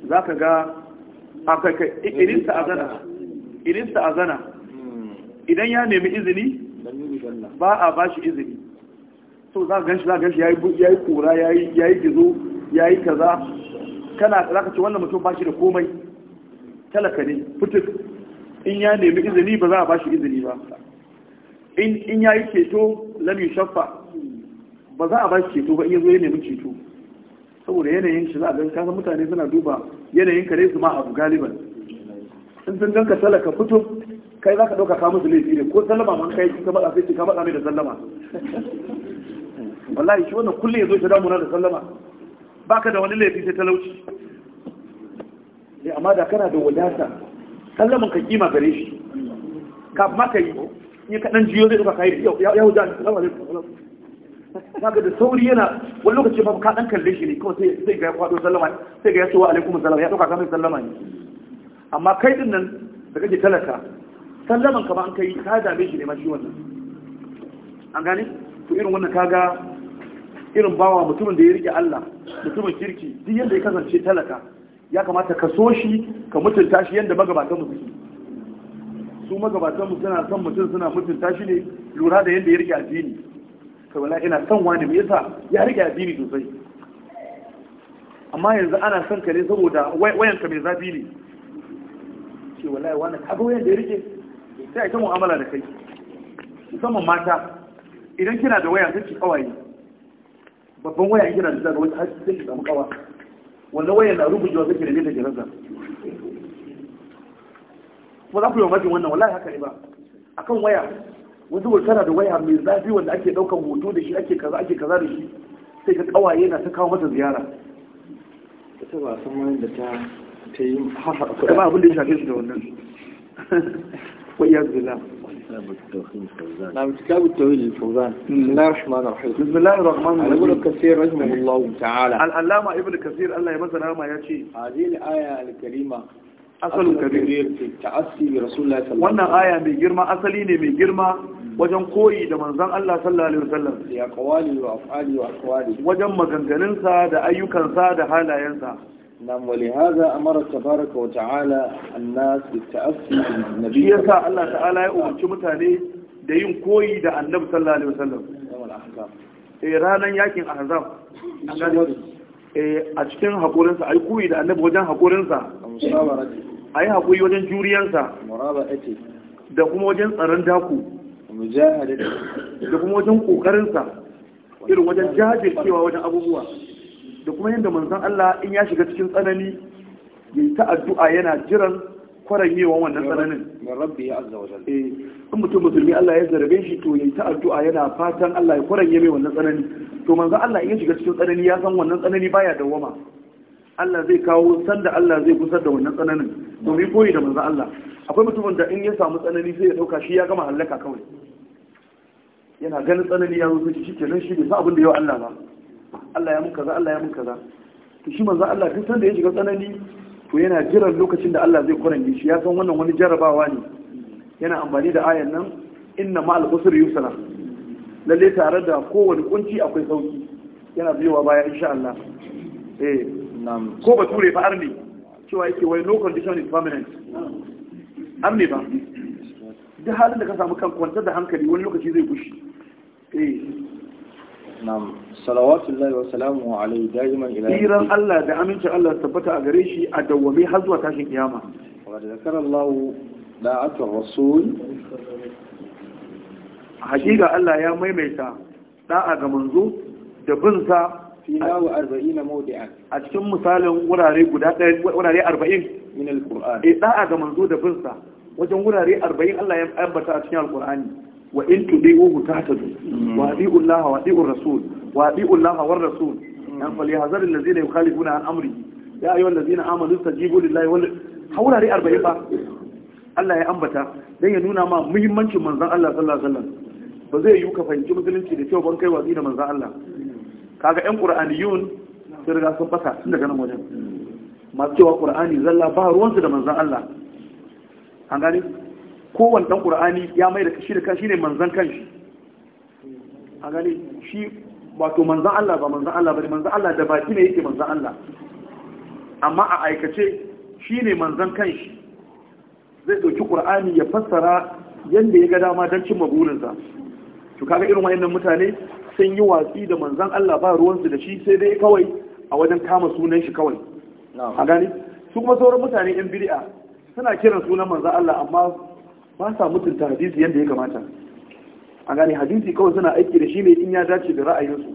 za ka ga aka kai irin ta'azana hmm. idan ya nemi izini ba a ba shi izini so za ka ganshi za ka ganshi ya yi kura, ya yi gizo ya yi kaza kana za ka ce wannan mutum ba shi da komai talaka ne fitik in ya nemi izini ba za a ba shi izini ba in ya yi ceto lami shafa. ba za a ba shi ceto ba in ya zo ya nemi ceto saboda yanayin shi za a gan Kasa mutane suna duba yanayin ne su ma abu galiban in sun ganka talaka fito kai za ka ɗauka ka musu laifi ne ko sallama man kai ka maɗa sai ka matsa mai da sallama wallahi shi wannan kullum ya zo shi damuna da sallama baka da wani laifi sai talauci eh, amma da kana da wadata sallaman ka kima gare shi ka ka yi in kaɗan jiyo zai ɗauka kai ya sallama ne. alaikum ga da sauri yana wani lokaci ba ka ɗan kalle shi ne kawai sai sai ga ya kwado sallama sai ga ya ce wa alaikum salam ya ɗauka mai sallama ne amma kai din nan da kake talaka sallaman ka ba an kai ka dame shi ne ma shi wannan an gane to irin wannan kaga irin bawa mutumin da ya rike Allah mutumin kirki duk yadda ya kasance talaka ya kamata ka so shi ka mutunta shi yadda magabatan mu su magabatan mutum suna son mutum suna mutunta shi ne lura da yadda ya rike addini to wala ina son wani me yasa ya rike addini sosai amma yanzu ana son ka ne saboda wayanka mai zafi ne ce wallahi wani kaga wayan da ya rike sai a ita mu'amala da kai musamman mata idan kina da waya sai kawaye babban waya kina da zaga wata haske sai ki samu kawa wanda waya na rubuta sai ki rage da gidansa kuma za ku yi mamajin wannan wallahi haka ne ba akan waya wasu tana da waya mai zafi wanda ake daukan hoto da shi ake kaza ake kaza da shi sai ka kawaye na ta kawo mata ziyara ita ba san wani da ta ta yi ba abin da ya shafe su da wannan وإياك بالله كتاب التوحيد الفوزان نعم كتاب التوحيد الفوزان بسم الله الرحمن الرحيم بسم الله الرحمن الرحيم ابن كثير رحمه الله تعالى العلامة ابن كثير الله يمثل ما يأتي هذه wannan aya mai girma asali ne mai girma wajen koyi da manzan Allah sallallahu wa afali wajen maganganunsa da ayyukansa da halayensa نعم ولهذا أمر تبارك وتعالى الناس بالتأسي بالنبي يسا الله تعالى ya شمتا mutane da yin koyi da annabi sallallahu alaihi wasallam eh ranan yakin a eh a cikin haƙorinsa, a yi koyi da annabi wajen haƙorinsa, a yi haƙori wajen juriyansa da kuma wajen tsaron daku da kuma wajen ƙoƙarinsa, irin wajen jajircewa wajen abubuwa da kuma yadda manzon Allah in ya shiga cikin tsanani ya ta addu'a yana jiran kwaranyewan wannan tsananin rabbi ya azza wa eh in mutum musulmi Allah ya zarabe shi to yayi ta addu'a yana fatan Allah ya kwaranye mai wannan tsanani to manzon Allah in ya shiga cikin tsanani ya san wannan tsanani baya dawwama Allah zai kawo sanda Allah zai kusar da wannan tsananin domin koyi da manzon Allah akwai mutumin da in ya samu tsanani sai ya dauka shi ya gama hallaka kawai yana ganin tsanani ya zo shi kenan shi bai sa abin da yau Allah ba Allah ya mun kaza Allah ya mun kaza to shi manzo Allah duk sanda ya shiga tsanani to yana jiran lokacin da Allah zai kwarange shi ya san wannan wani jarabawa ne yana amfani da ayan nan inna ma'al usri yusra lalle tare da kowane kunci akwai sauki yana biyowa baya insha Allah eh nam. ko ba ture fa arni cewa yake wai no condition is permanent amne ba duk halin da ka samu kan kwantar da hankali wani lokaci zai gushi eh nam salawatullahi wa salamu ila Allah da amincin Allah tabbata a gare shi a dawwame har zuwa tashin kiyama wa da zakara Allah rasul hakika Allah ya maimaita da'a ga manzo da bin sa fi 40 mawdi'an a cikin misalin wurare guda wurare 40 min al-Qur'an eh da'a ga manzo da bin sa wajen wurare 40 Allah ya ambata a cikin al-Qur'ani wa in tudi'uhu tahtadu mm. wa adi'u Allah wa adi'u Rasul wa adi'u Allah war Rasul mm. an fal yahzar alladhina yukhalifuna an amri ya ayyuhal alladhina amanu stajibu lillahi hawla ri arba'in ba Allah ya ambata dan ya nuna ma muhimmancin manzon Allah sallallahu alaihi wasallam ba zai yi ka fahimci musulunci da kyau ban kai watsi da manzon Allah kaga ɗan qur'aniyun sai riga sun fasa tun daga nan wajen mm. masu cewa qur'ani zalla ba ruwansu da manzon Allah an gani kowane ɗan qur'ani ya mai da shi da kanshi ne manzan kanshi a gani shi wato manzan Allah ba manzan Allah ba ne manzan Allah da baki ne yake manzan Allah amma a aikace shi ne manzan kanshi zai ɗauki ƙura'ani ya fassara yadda ya ga dama don cimma burinsa to kaga irin wayannan mutane sun yi watsi da manzan Allah ba ruwansu da shi sai dai kawai a wajen kama sunan shi kawai a gani su kuma sauran mutane yan bid'a suna kiran sunan manzan Allah amma ba sa mutunta hadisi yadda ya kamata a gani hadisi kawai suna aiki da shi ne in ya dace da ra'ayinsu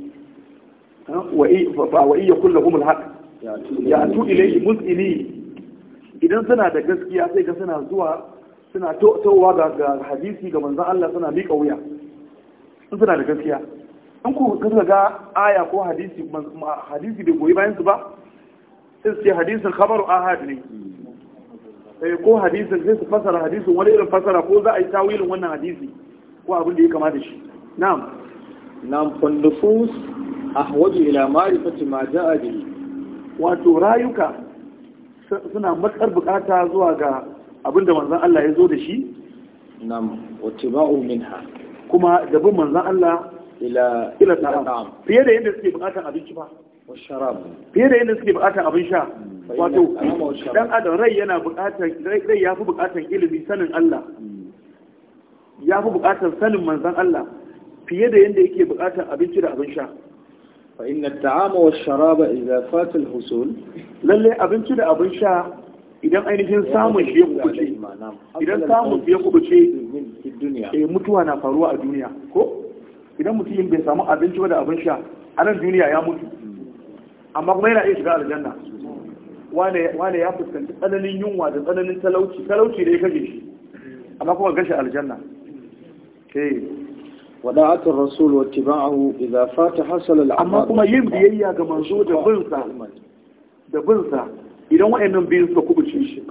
ba wa iya kulla gumul haka ya tu ilayhi mus'ili idan suna da gaskiya sai ga suna zuwa suna towa ga hadisi ga manzan Allah suna miƙa wuya Sun suna da gaskiya in ku kasa ga aya ko hadisi hadisi bai goyi bayan su ba sai su ce hadisin khabaru ahad ne Eh, ko hadisin sai su fasara hadisin wani irin fasara ko za a yi tawilin wannan hadisi ko abin da ya kama da shi na'am na'am a waje ila ma'rifati ma a jini wato rayuka suna matsar bukata zuwa ga abin da manzan Allah ya zo da shi na'am wattiba'u ha kuma da bin manzan Allah ila ila ta'am fiye da yadda suke bukatan abinci ba fiye da yadda suke bukatar abin sha wato dan adam rai yana bukatar rai ya fi bukatar ilimi sanin Allah mm. ya fi bukatar sanin manzan Allah fiye da yadda yake bukatar abinci da abin sha fa inna ta'ama wa sharaba idza fata al-husul lalle abinci da abin sha idan ainihin samun shi ya kubuce idan samun shi ya kubuce eh mutuwa na faruwa a duniya ko idan mutum bai samu abinci ba da abin sha a nan duniya ya mutu amma kuma yana iya shiga aljanna wane ya fuskanci tsananin yunwa da tsananin talauci talauci da ya kashe shi amma kuma gashi aljanna ke eh. wada'atul rasul wa tiba'ahu idza fata hasal al amma kuma yin biyayya ga manzo da bin sa da bin idan wayannan biyun suka kubuce shi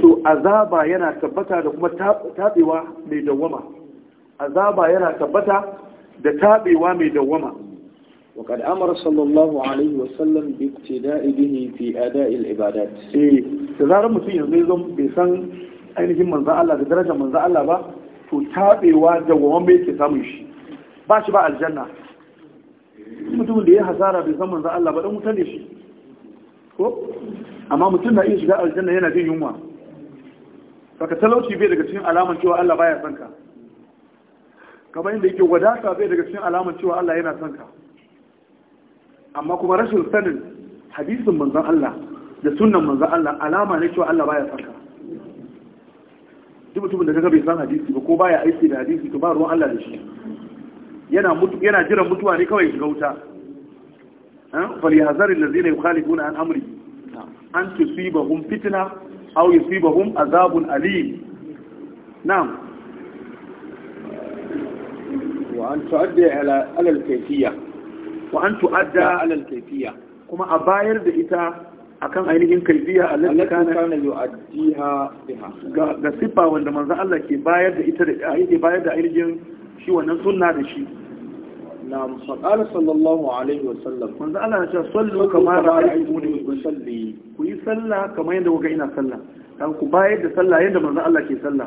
to azaba yana tabbata da kuma tabewa mai dawwama azaba yana tabbata da tabewa mai dawwama وقد أمر صلى الله عليه وسلم باقتداء به في أداء العبادات إيه تزار مسيح نظام بسن ainihin manzan Allah da darajar manzan Allah ba to tabewa da wawan bai ke samun shi ba shi ba aljanna mutumin da ya hasara bai san manzan Allah ba dan wuta ne shi ko amma mutum na iya shiga aljanna yana jin yunwa saka talauci bai daga cikin alaman cewa Allah baya son ka kamar inda yake wadata bai daga cikin alaman cewa Allah yana son ka amma kuma rashin sanin hadisin manzan Allah da sunan manzan Allah alama ne cewa Allah baya saka duk mutumin da kaga bai san hadisi ba ko baya aiki da hadisi to ba ruwan Allah da shi yana mutu yana jiran mutuwa ne kawai shiga wuta eh? fal yahzar allazina yukhalifuna an amri an tusibahum fitna aw yusibahum azabun alim na'am wa an tu'addi ala al-kayfiyya wa an tu'adda alal kaifiya kuma a bayar da ita akan ainihin kaifiya allati kana yu'addiha biha ga ga sifa wanda manzo Allah ke bayar da ita da yake bayar da ainihin shi wannan sunna da shi na'am sallallahu sallallahu alaihi wa sallam manzo Allah ya ce sallu kama ra'aytumuni usalli ku yi sallah kamar yadda kuka ina sallah dan ku bayar da salla, yadda manzo Allah ke salla.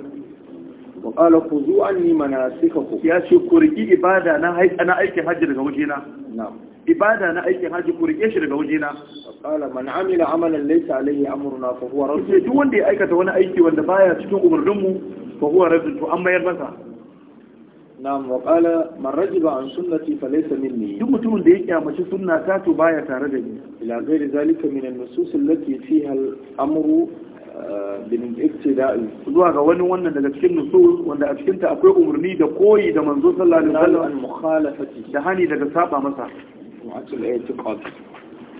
wa qala khuzu anni manasikakum ya ce ku riki ibada na haika na aikin hajji daga wajena na'am ibada na aikin hajji ku rike shi daga wajena qala man amila amalan laysa alayhi amruna fa huwa radd duk wanda ya aikata wani aiki wanda baya cikin umurnin mu fa huwa radd to an mayar masa na'am wa qala man rajiba an sunnati fa laysa minni duk mutumin da ya kyamaci sunna ta to baya tare da ni ila ghairi zalika min an-nusus allati fiha al-amru bin iktida'i zuwa ga wani wannan daga cikin nusus wanda a cikinta akwai umarni da koyi da manzo sallallahu alaihi wasallam mukhalafati da hani daga saba masa mu'atul i'tiqad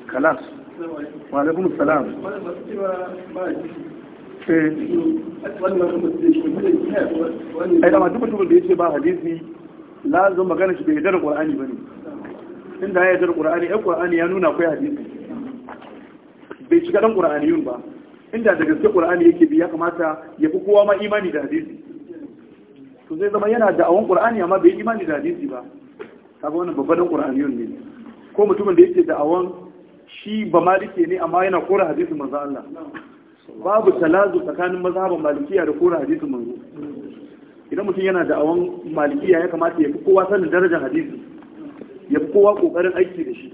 kalas wa alaikum salam eh. ai da mutum mutum da yace ba hadisi lazim magana shi bai yarda da qur'ani bane inda ya yarda da qur'ani ai qur'ani ya nuna akwai hadisi bai shiga dan qur'aniyun ba inda da gaske qur'ani yake bi ya kamata ya fi kowa ma imani da hadisi to zai zama yana da awon qur'ani amma bai imani da hadisi ba kaga wannan babban qur'ani ne ko mutumin da yake da awon shi ba malike ne amma yana kora hadisin manzo Allah babu talazu tsakanin mazhaban malikiya da kora hadisin manzo idan mutum yana da awon malikiya ya kamata ya fi kowa sanin darajar hadisi ya fi kowa kokarin aiki da shi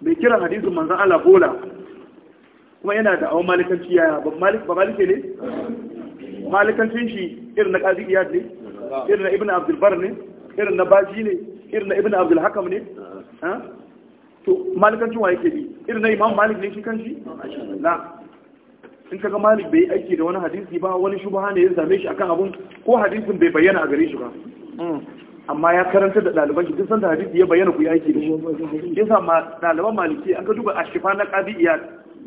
bai kira hadisin manzo Allah bola kuma yana da awon malikanci yaya ba malike ne malikancin shi irin na kazi iyad ne irin na ibn abdulbar ne irin na baji ne irin na ibn abdulhakam ne to malikancin wa yake bi irin na imam malik ne shi kanshi na in kaga malik bai aiki da wani hadisi ba wani shubha ne ya same shi akan abun ko hadisin bai bayyana a gare shi ba hmm. amma ya karanta da ɗaliban shi duk da hadisi ya bayyana ku yi aiki da shi yasa ma ɗaliban maliki an ka duba ashifa na qadi iyad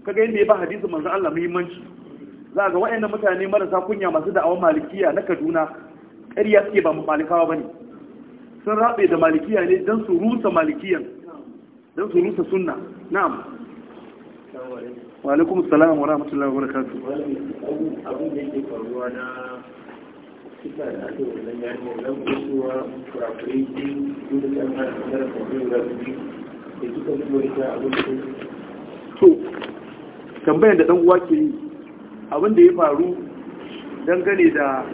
kaga yadda ya ba hadisin manzon Allah muhimmanci za ga wa'inda mutane marasa kunya masu da'awar malikiya na Kaduna ƙarya suke ba malikawa bane sun rabe da malikiya ne dan su rusa malikiyan dan su rusa sunna na'am wa alaikum assalam wa rahmatullahi wa barakatuh abin da yake faruwa na wannan da da ita to tambayar da dan uwa ke yi abin ya faru dangane da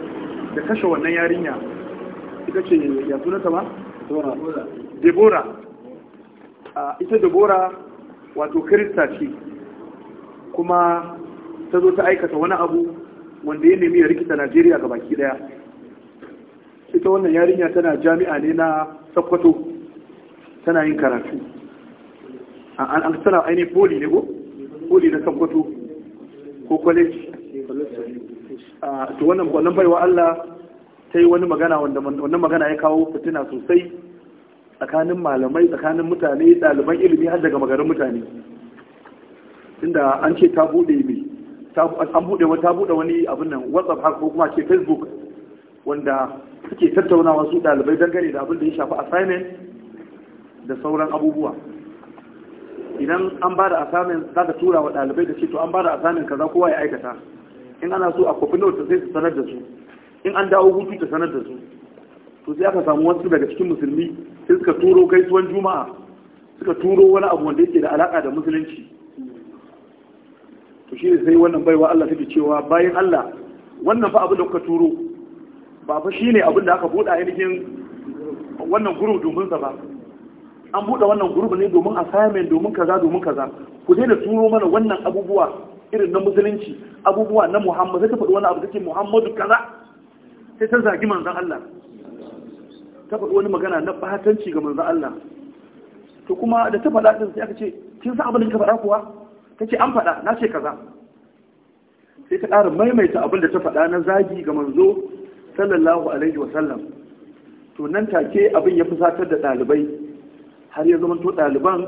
da kashe wannan yarinya ita ce ya ta ba debora ita debora wato kirista ce kuma ta zo ta aikata wani abu wanda ya nemi ya rikita najeriya ga baki daya ita wannan yarinya tana jami'a ne na sakkwato tana yin karatu an tana ainihin poli ne ko koli na kwato ko kwaleji ah, to wannan wannan baiwa Allah ta yi wani magana wanda wannan magana ya kawo fitina sosai tsakanin malamai tsakanin mutane ɗaliban ilimi har daga magarin mutane inda an ce ta buɗe mai an buɗe wata buɗe wani abin nan whatsapp har ko kuma ce facebook wanda suke tattaunawa su ɗalibai dangane da abin da ya shafi assignment da sauran abubuwa idan an ba da asamin za ka tura wa ɗalibai da ce to an ba da asamin kaza kowa ya aikata in ana so a kwafi nota sai su sanar da su in an dawo hutu ta sanar da su to sai aka samu wasu daga cikin musulmi sai suka turo gaisuwan juma'a suka turo wani abu wanda yake da alaka da musulunci to shi ne sai wannan baiwa Allah take cewa bayan Allah wannan fa abin da kuka turo ba fa shine abin da aka buɗa ainihin wannan guru domin sa ba an buɗe wannan gurbi ne domin assignment domin kaza domin kaza ku daina turo mana wannan abubuwa irin na musulunci abubuwa na muhammad sai ta faɗi wani abu take muhammadu kaza sai ta zagi manzan Allah ta faɗi wani magana na batanci ga manzan Allah to kuma da ta faɗa din sai aka ce kin san abin da ka faɗa kuwa ta ce an faɗa na ce kaza sai ta ƙara maimaita abin da ta faɗa na zagi ga manzo sallallahu alaihi wa sallam to nan take abin ya fusatar da ɗalibai har ya zama to ɗaliban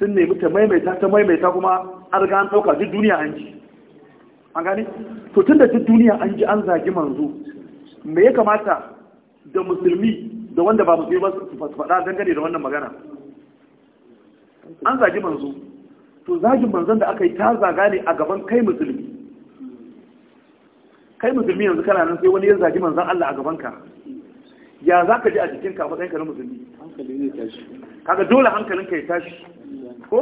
sun nemi ta maimaita ta maimaita kuma an riga an ɗauka duk duniya an ji an gani to tun da duk duniya an ji an zagi manzo me ya kamata da musulmi da wanda ba musulmi ba su faɗa dangane da wannan magana an zagi manzo to zagin manzon da aka yi ta zaga ne a gaban kai musulmi kai musulmi yanzu kana nan sai wani ya zagi manzon Allah a gaban ka ya za ka ji a jikinka a matsayinka na musulmi kaga dole hankalin ka ya tashi ko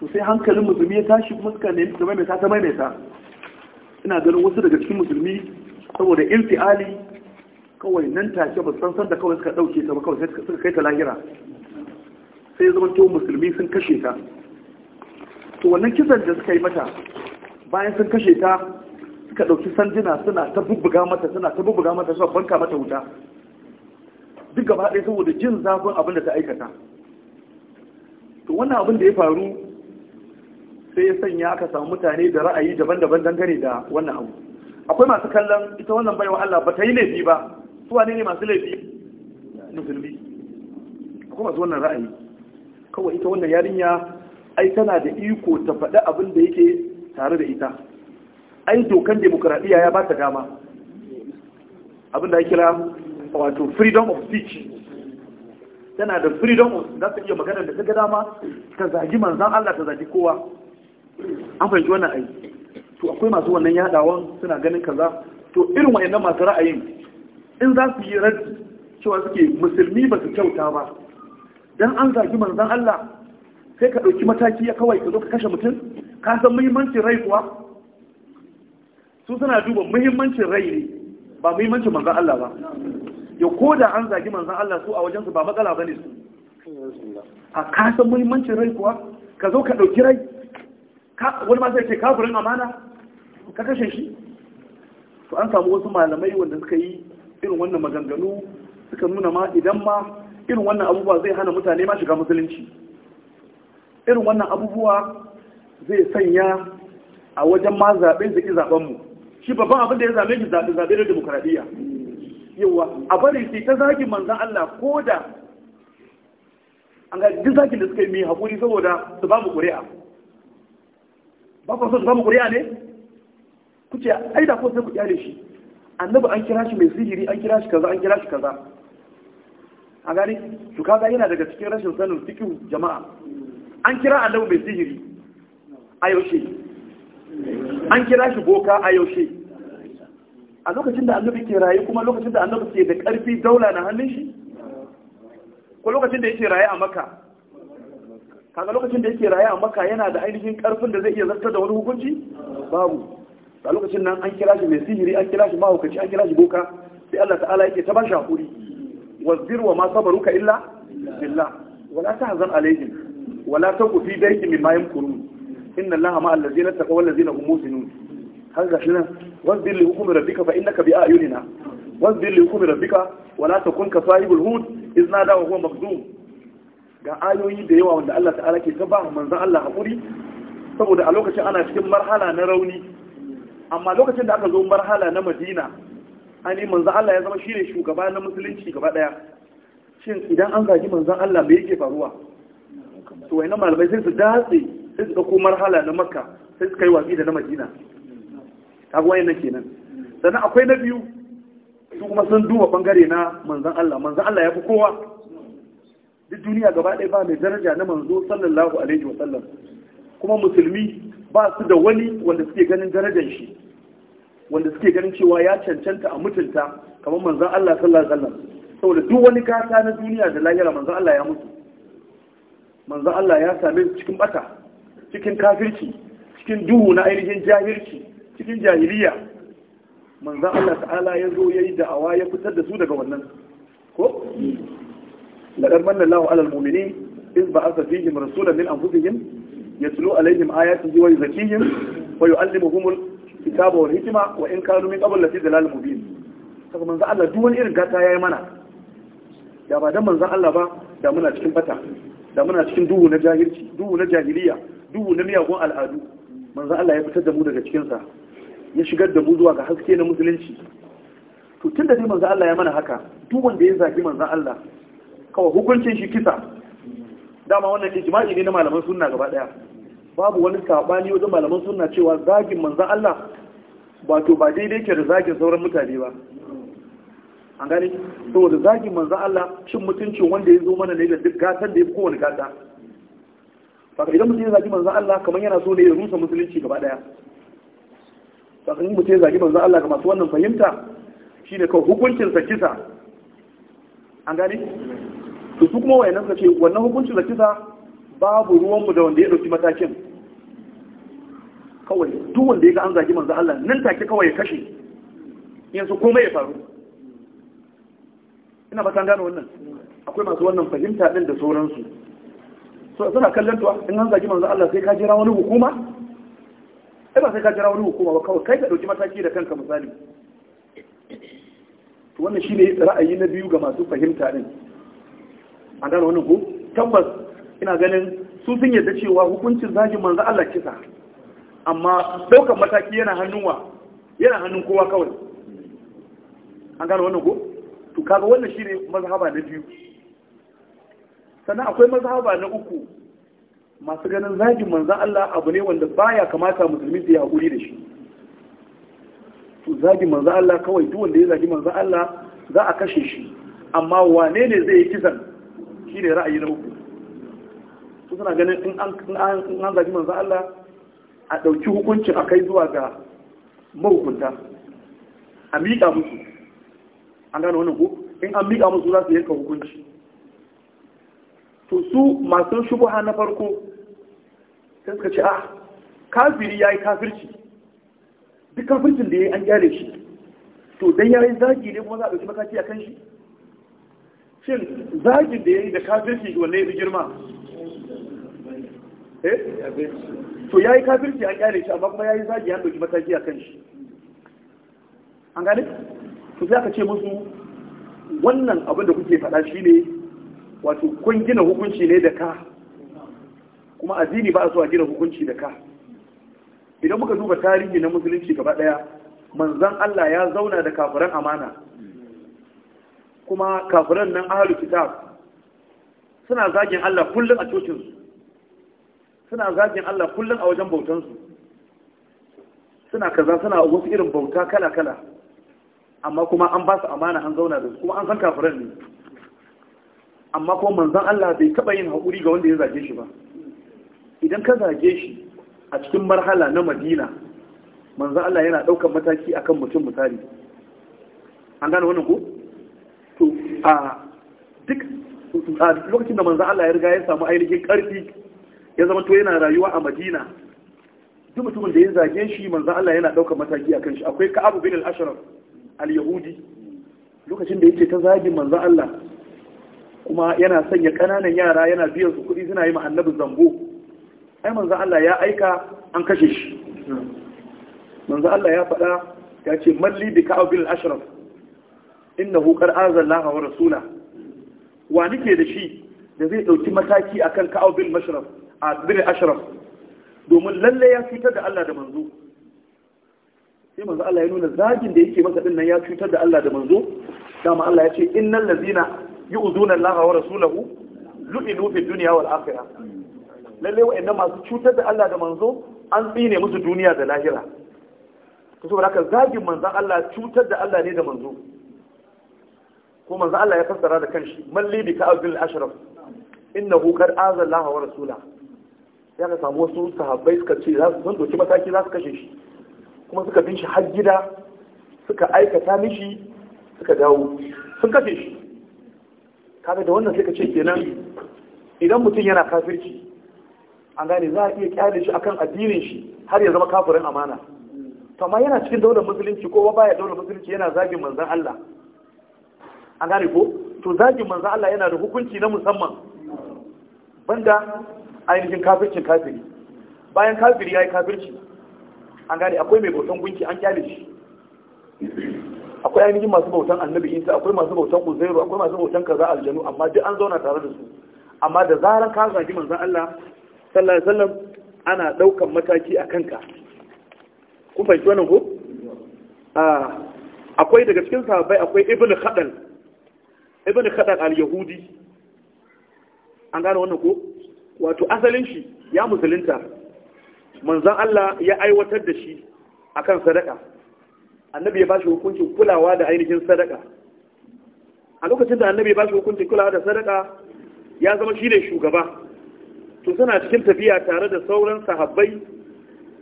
to sai hankalin musulmi ya tashi kuma suka nemi ta maimaita ta maimaita ina ganin wasu daga cikin musulmi saboda irtiali kawai nan take ba san san da kawai suka dauke ta ba kawai sai suka kai ta lahira sai zaman to musulmi sun kashe ta to wannan kisan da suka yi mata bayan sun kashe ta suka dauki sanduna suna ta bubbuga mata suna ta bubbuga mata suna banka mata wuta duk gaba ɗaya saboda jin zafin abin da ta aikata to wannan abin da ya faru sai ya sanya aka samu mutane da ra'ayi daban-daban dangane da wannan abu akwai masu kallon ita wannan baiwa Allah ba ta yi laifi ba su wane ne masu laifi musulmi akwai masu wannan ra'ayi kawai ita wannan yarinya ai tana da iko ta faɗi abin da yake tare da ita ai dokan demokuraɗiyya ya ba ta dama abin da ya kira wato freedom of speech tana da freedom of za ta iya magana da ta dama ta zagi manzan Allah ta zagi kowa an fahimci wannan ayi to akwai masu wannan yadawan suna ganin kaza to irin wayannan masu ra'ayin in za su yi raddi cewa suke musulmi ba su kyauta ba dan an zagi manzan Allah sai ka ɗauki mataki ya kawai ka zo ka kashe mutum ka san muhimmancin rai kuwa su suna duba muhimmancin rai ne ba muhimmancin manzan Allah ba ya ko da an zagi manzan Allah su a wajensu ba matsala ba ne su a kasan muhimmancin rai kuwa ka zo ka ɗauki rai wani ma zai ce kafirin amana ka kashe shi to an samu wasu malamai wanda suka yi irin wannan maganganu suka nuna ma idan ma irin wannan abubuwa zai hana mutane ma shiga musulunci irin wannan abubuwa zai sanya a wajen ma zaɓe zaɓen mu. shi babban abin da ya zaɓe shi zaɓe na demokuraɗiyya yawa a bari shi ta zagin manzan Allah ko da an gaji duk da suka yi mai haƙuri saboda su ba mu ƙuri'a ba ku so su ba mu ƙuri'a ne ku ce ai da ko sai ku kyale shi annabi an kira shi mai sihiri an kira shi kaza an kira shi kaza a gani su kaga yana daga cikin rashin sanin cikin jama'a an kira annabi mai sihiri a yaushe an kira shi boka a yaushe a lokacin da annabi ke raye kuma lokacin da annabi ke da ƙarfi daula na hannun shi ko lokacin da yake raye a maka kaga lokacin da yake raye a maka yana da ainihin ƙarfin da zai iya zartar da wani hukunci babu a lokacin nan an kira shi mai sihiri an kira shi mahaukaci an kira shi boka sai Allah ta'ala yake ta bashi hakuri wasbir wa ma sabaruka illa billah wala tahzan alaihim wala taqu fi daykin mimma yamkurun inna allaha ma'al ladzina taqaw wal ladzina hum muhsinun har gashi nan wasbir li rabbika fa innaka bi ayunina wasbir li hukmi rabbika wala takun ka sahibul hud iz nada wa huwa ga ayoyi da yawa wanda Allah ta'ala ke ta ba manzon Allah hakuri saboda a lokacin ana cikin marhala na rauni amma lokacin da aka zo marhala na Madina ani manzon Allah ya zama shine shugaba na musulunci gaba daya shin idan an gaji manzon Allah me yake faruwa to wayannan malamai sai su datse sai su dauko marhala na Makka sai su kai watsi da na Madina kaguwa wayannan kenan sannan akwai na biyu su kuma sun duba bangare na manzan Allah Manzan Allah ya fi kowa duk duniya gaba ɗaya ba mai daraja na manzo sallallahu alaihi wasallam kuma musulmi ba su da wani wanda suke ganin darajar shi wanda suke ganin cewa ya cancanta a mutunta kamar manzan Allah sallallahu alaihi wasallam saboda duk wani gata na duniya da lahira manzan Allah ya mutu Manzan Allah ya same cikin bata cikin kafirci cikin duhu na ainihin jahirci cikin jahiliya manzan Allah ta'ala ya zo ya yi da'awa ya fitar da su daga wannan ko laɗar manna lahu alal mumini in ba asa fihim rasulan min anfusihim yatlu alaihim ayatin wa yi wa yu'allimuhumul kitaba wal hikima, wa in kanu min qabl lafi dalal mubin saka manzan Allah duk wani irin gata ya yi mana da ba dan manzan Allah ba da muna cikin fata da muna cikin duhu na jahilci duhu na jahiliya duhu na miyagun al'adu manzan Allah ya fitar da mu daga cikinsa. sa ya shigar da mu zuwa ga haske na musulunci to tunda dai manzo Allah ya mana haka duk wanda ya zagi manzo Allah kawai hukuncin shi kisa dama wannan ijma'i ne na malaman sunna gaba daya babu wani sabani wajen malaman sunna cewa zagin manzo Allah ba to ba daidai ke da zagin sauran mutane ba an gani da zagin manzo Allah cin mutuncin wanda ya zo mana ne da duk gatan da ya ko wani gata saka idan mutum ya zagi manzo Allah kamar yana so ne ya rusa musulunci gaba daya sakamakon mutum ya zagi manzan Allah ga masu wannan fahimta shine kawai hukuncin sa kisa an gani? to su kuma wayannan suka ce wannan hukuncin sa kisa babu ruwanmu da wanda ya dauki matakin kawai duk wanda ya ga an zagi manzan Allah nan take kawai ya kashe yanzu komai ya faru ina ba gano wannan akwai masu wannan fahimta din da sauransu so suna kallon to in an zagi manzan Allah sai ka jira wani hukuma sai ba sai ka jira wani hukuma ba kawai kai ka ɗauki mataki da kanka misali to wannan shine ra'ayi na biyu ga masu fahimta din an gano wannan ko tabbas ina ganin su sun yarda cewa hukuncin zagin manzo Allah kisa amma daukar mataki yana hannun wa yana hannun kowa kawai an gano wannan ko to kaga wannan shine mazhaba na biyu sannan akwai mazhaba na uku masu ganin zagin manzan Allah abu ne wanda baya kamata musulmi su yi haƙuri da shi zagin manzan Allah kawai duk wanda ya zagi manzan Allah za a kashe shi amma wane ne zai yi kisan shi ne ra'ayi na uku su suna ganin in an zagi manzan Allah a ɗauki hukuncin a kai zuwa ga mahukunta a miƙa musu an gane wannan ko in an miƙa musu za su yanka hukunci to su masu shubuha na farko sai suka ce ah kafiri ya yi kafirci duk kafircin da ya yi an gyare shi to don ya yi zagi ne kuma za a ɗauki mataki a kan shi shin zagin da ya yi da kafirci wanne ya girma eh? to ya yi kafirci an gyare shi amma kuma ya yi zagi ya ɗauki mataki a kan shi an gane to sai aka ce musu wannan abin da kuke faɗa shi ne wato kun gina hukunci ne da ka kuma addini ba a so a gina hukunci da ka idan muka duba tarihi na musulunci gaba daya manzon Allah ya zauna da kafiran amana kuma kafiran nan ahalu kitab suna zagin Allah kullum a cocin su. suna zagin Allah kullum a wajen bautan su. suna kaza suna wasu irin bauta kala-kala amma kuma an ba su amana an zauna da su kuma an san kafiran ne amma kuma manzan Allah bai taɓa yin haƙuri ga wanda ya zage shi ba idan ka zage shi a cikin marhala na madina manzan Allah yana ɗaukar mataki a kan mutum misali an gane wannan ko? to a duk lokacin da manzan Allah ya riga ya samu ainihin ƙarfi ya zama to yana rayuwa a madina duk mutumin da ya zage shi manzan Allah yana ɗaukar mataki a kan shi akwai ka'abu bin al-ashraf al-yahudi lokacin da yake ta zagin manzan Allah kuma yana sanya kananan yara yana biyan su kuɗi suna yi ma annabi zambo ai manzo Allah ya aika an kashe shi manzo Allah ya faɗa ya ce malli bi ka'ab ashraf innahu qad azalla wa rasula wa nake da shi da zai dauki mataki akan ka'ab mashraf a bil ashraf domin lalle ya cutar da Allah da manzo sai manzo Allah ya nuna zagin da yake masa din nan ya cutar da Allah da manzo dama Allah ya ce innal ladina yu'zuna Allah wa rasulahu lu'inu fid dunya wal akhirah lalle wa'annan masu cutar da Allah da manzo an tsine musu duniya da lahira to saboda haka zagin manzon Allah cutar da Allah ne da manzo ko manzon Allah ya fassara da kanshi malli bika ka'abdul ashraf innahu qad aza Allah wa rasulahu ya ka samu wasu sahabbai suka ce za su sun doki mataki za su kashe shi kuma suka bin shi har gida suka aikata mishi suka dawo sun kashe shi kaga da wannan suka ce kenan idan mutum yana kafirci an gane za a iya kyale shi akan addinin shi har ya zama kafirin amana to amma yana cikin daular musulunci ko baya daular musulunci yana zagin manzon Allah an gane ko to zagin manzon Allah yana da hukunci na musamman banda ainihin kafircin kafiri bayan kafiri ya yi kafirci an gane akwai mai bautan gunki an kyale shi akwai ainihin masu bautan annabi isa akwai masu bautan uzairu akwai masu bautan kaza aljanu amma duk an zauna tare da su amma da zaran ka zagi manzon Allah sallallahu alaihi wasallam ana daukan mataki a kanka kun fahimci wannan ko akwai daga cikin sahabbai akwai ibn khadal ibn khadal al-yahudi an gane wannan ko wato asalin shi ya musulunta manzon Allah ya aiwatar da shi akan sadaka annabi ya bashi hukuncin kulawa da ainihin sadaka a lokacin da annabi ya bashi hukuncin kulawa da sadaka ya zama shi ne shugaba to suna cikin tafiya tare da sauran sahabbai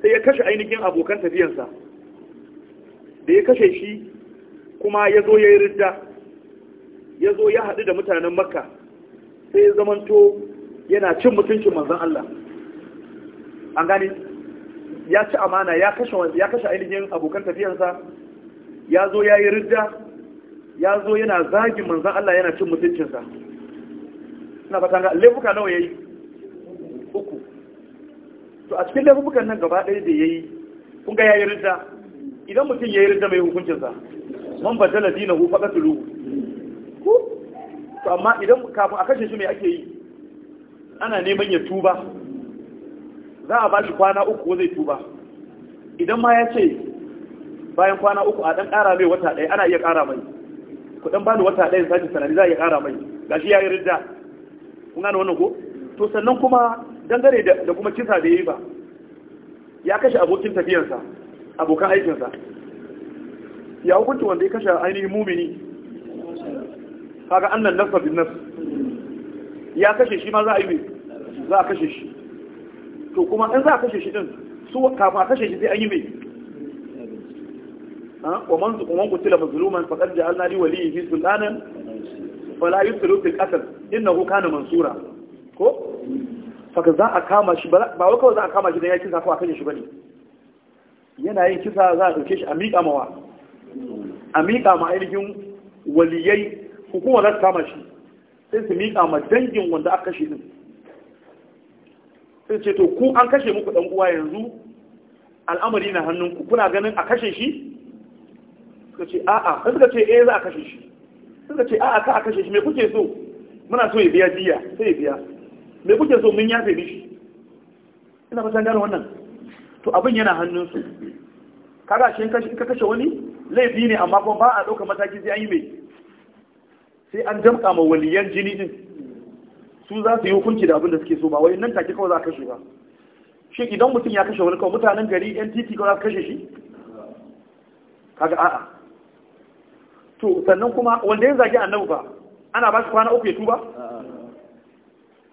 sai ya kashe ainihin abokan tafiyansa da ya kashe shi kuma ya zo ya yi ridda ya zo ya haɗu da mutanen makka sai ya zamanto yana cin mutuncin manzan Allah an gani ya ci amana ya kashe ainihin abokan tafiyansa ya zo ya yi ridda ya zo yana zagin manzan Allah yana cin mutuncinsa suna fata ga laifuka nawa ya yi uku to a cikin laifukan nan gaba ɗaya da ya yi kun ga ya yi ridda idan mutum ya yi ridda mai hukuncinsa man badala faɗa tulu. ko to amma idan kafin a kashe shi mai ake yi ana neman ya tuba za a ba shi kwana uku zai tuba idan ma ya ce bayan kwana uku a dan ƙara mai wata ɗaya ana iya ƙara mai ku ba bani wata ɗaya sake sanani za a iya ƙara mai Ga shi ya yi ridda kun gane wannan ko to sannan kuma dangane da kuma kisa da ya yi ba ya kashe abokin tafiyarsa abokan aikinsa ya hukunta wanda ya kashe ainihin mumini kaga annan nasa bin nafs ya kashe shi ma za a yi mai za a kashe shi to kuma in za a kashe shi din su kafin a kashe shi sai an yi mai ومن ومن man qutila mazluman faqad ja'alna li waliyhi sultanan fala yusru fil qatl انه كان منصورا ko faka za a kama shi ba wa kawai za a kama shi don ya kisa ko a kashe shi bane yana yin kisa za a dauke shi a miƙa mawa a miƙa ma ainihin waliyai hukumar za su kama shi sai su miƙa ma dangin wanda aka kashe din sai ce to ku an kashe muku ɗan uwa yanzu al'amari na hannunku kuna ganin a kashe shi suka ce a'a sai suka ce eh za a kashe shi suka ce a'a ka a kashe shi me kuke so muna so ya biya diya sai ya biya me kuke so mun yafe mishi ina fatan gane wannan to abin yana hannun su kaga shi ka kashe wani laifi ne amma kuma ba a ɗauka mataki sai an yi mai sai an damƙa ma waliyan jini din su za su yi hukunci da abin da suke so ba wai nan take kawai za a kashe ba shi idan mutum ya kashe wani kawai mutanen gari yan titi kawai za su kashe shi kaga a'a to sannan kuma wanda ya zagi annabi ba ana ba shi kwana uku ya tuba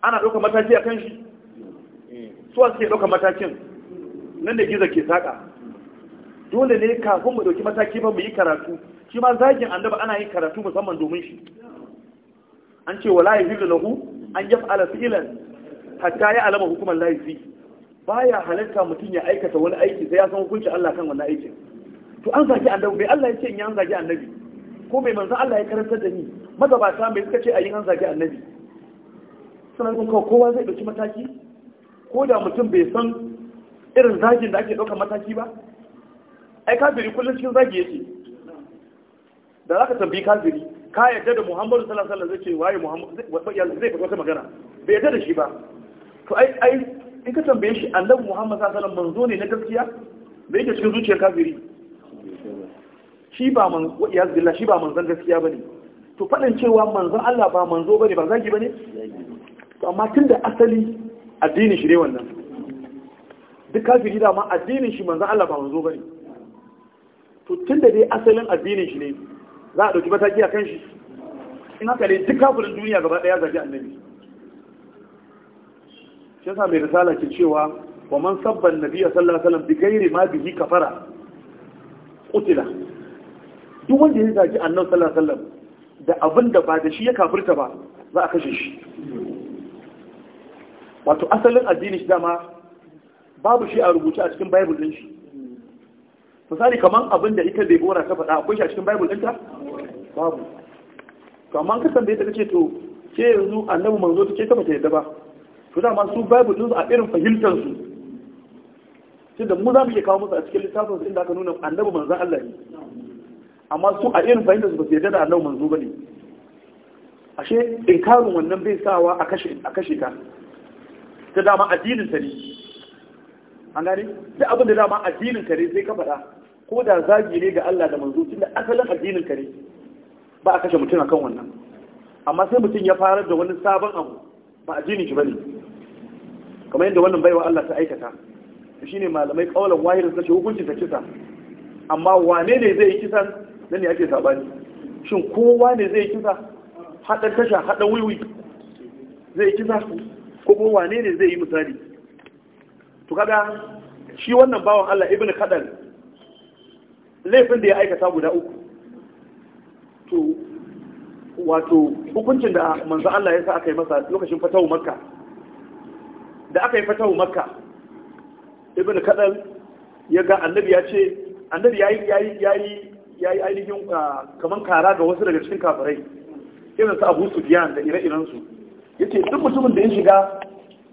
ana ɗauka mataki a kan shi suwa suke ɗauka matakin nan da giza ke saƙa dole ne kafin mu ɗauki mataki ba mu yi karatu shi ma zagin annabi ana yin karatu musamman domin shi an ce wa layi hillu lahu an yaf ala filan hatta ya alama hukumar layi Ba baya halitta mutum ya aikata wani aiki sai ya san hukunci Allah kan wannan aikin to an zagi annabi bai Allah ya ce in ya an zagi annabi ko mai manzan Allah ya karanta da ni magabata mai suka ce a yi an zage annabi sanar kuma kowa zai ɗauki mataki ko da mutum bai san irin zagin da ake ɗaukar mataki ba ai kafiri kullum cikin zagi yake da za ka tambayi kafiri ka yadda da muhammadu sallallahu zai ce waye muhammadu zai fata wata magana bai yadda da shi ba to ai ai in ka tambaye shi annabi Muhammadu sallallahu alaihi manzo ne na gaskiya da cikin zuciyar kafiri shi ba man ya zilla shi ba manzon gaskiya bane to fadin cewa manzon Allah ba manzo bane ba zagi bane to amma tunda asali addinin shi ne wannan duk kafiri da ma addinin shi manzon Allah ba manzo bane to tunda dai asalin addinin shi ne za a dauki mataki a kan shi in haka dai duk kafirin duniya gaba daya zagi annabi shi yasa mai risala ke cewa wa man sabban nabiyya sallallahu alaihi wasallam bi ghairi ma bihi kafara qutila duk wanda ya zaki a sallallahu sallar sallar, da abin da ba da shi ya kafirta ba za a kashe shi wato asalin addini shi dama babu shi a rubuce a cikin bible din shi misali kaman abin da ita debora ta faɗa akwai shi a cikin bible ɗinta babu Kamar kasan da ya taɓa ce to ke yanzu annabi manzo take ta bata yadda ba to dama ma su bible din su a irin fahimtar su sai da mu za mu iya kawo musu a cikin littafin su inda aka nuna annabi manzon Allah ne amma su a irin fahimta su ba su yadda da annabi manzo bane ashe in inkarin wannan bai sawa a kashe a kashe ka ta dama addinin ta ne an gane duk abin da dama addinin ka ne sai ka faɗa ko da zagi ne ga Allah da manzo tunda asalin addinin ka ne ba a kashe mutum akan wannan amma sai mutum ya fara da wani sabon abu ba addinin shi bane kamar yadda wannan baiwa Allah ta aikata shine malamai kaulan wahirin suka hukuncin ta kisa amma wane ne zai yi kisan nan ne ake sabani shin kowa ne zai kisa Haɗar tasha haɗar wiwi zai kisa ko kuma wane ne zai yi misali to kada shi wannan bawan Allah ibn kadal laifin da ya aikata guda uku to wato hukuncin da manzo Allah ya sa aka yi masa lokacin fatawu makka da aka yi fatawu makka ibn kadal ya ga annabi ya ce annabi yayi yayi yayi ya yi ainihin ah, kamar kara ga wasu daga cikin kafirai irin su abu sufiyan da ire-iren su ya ce duk mutumin da ya shiga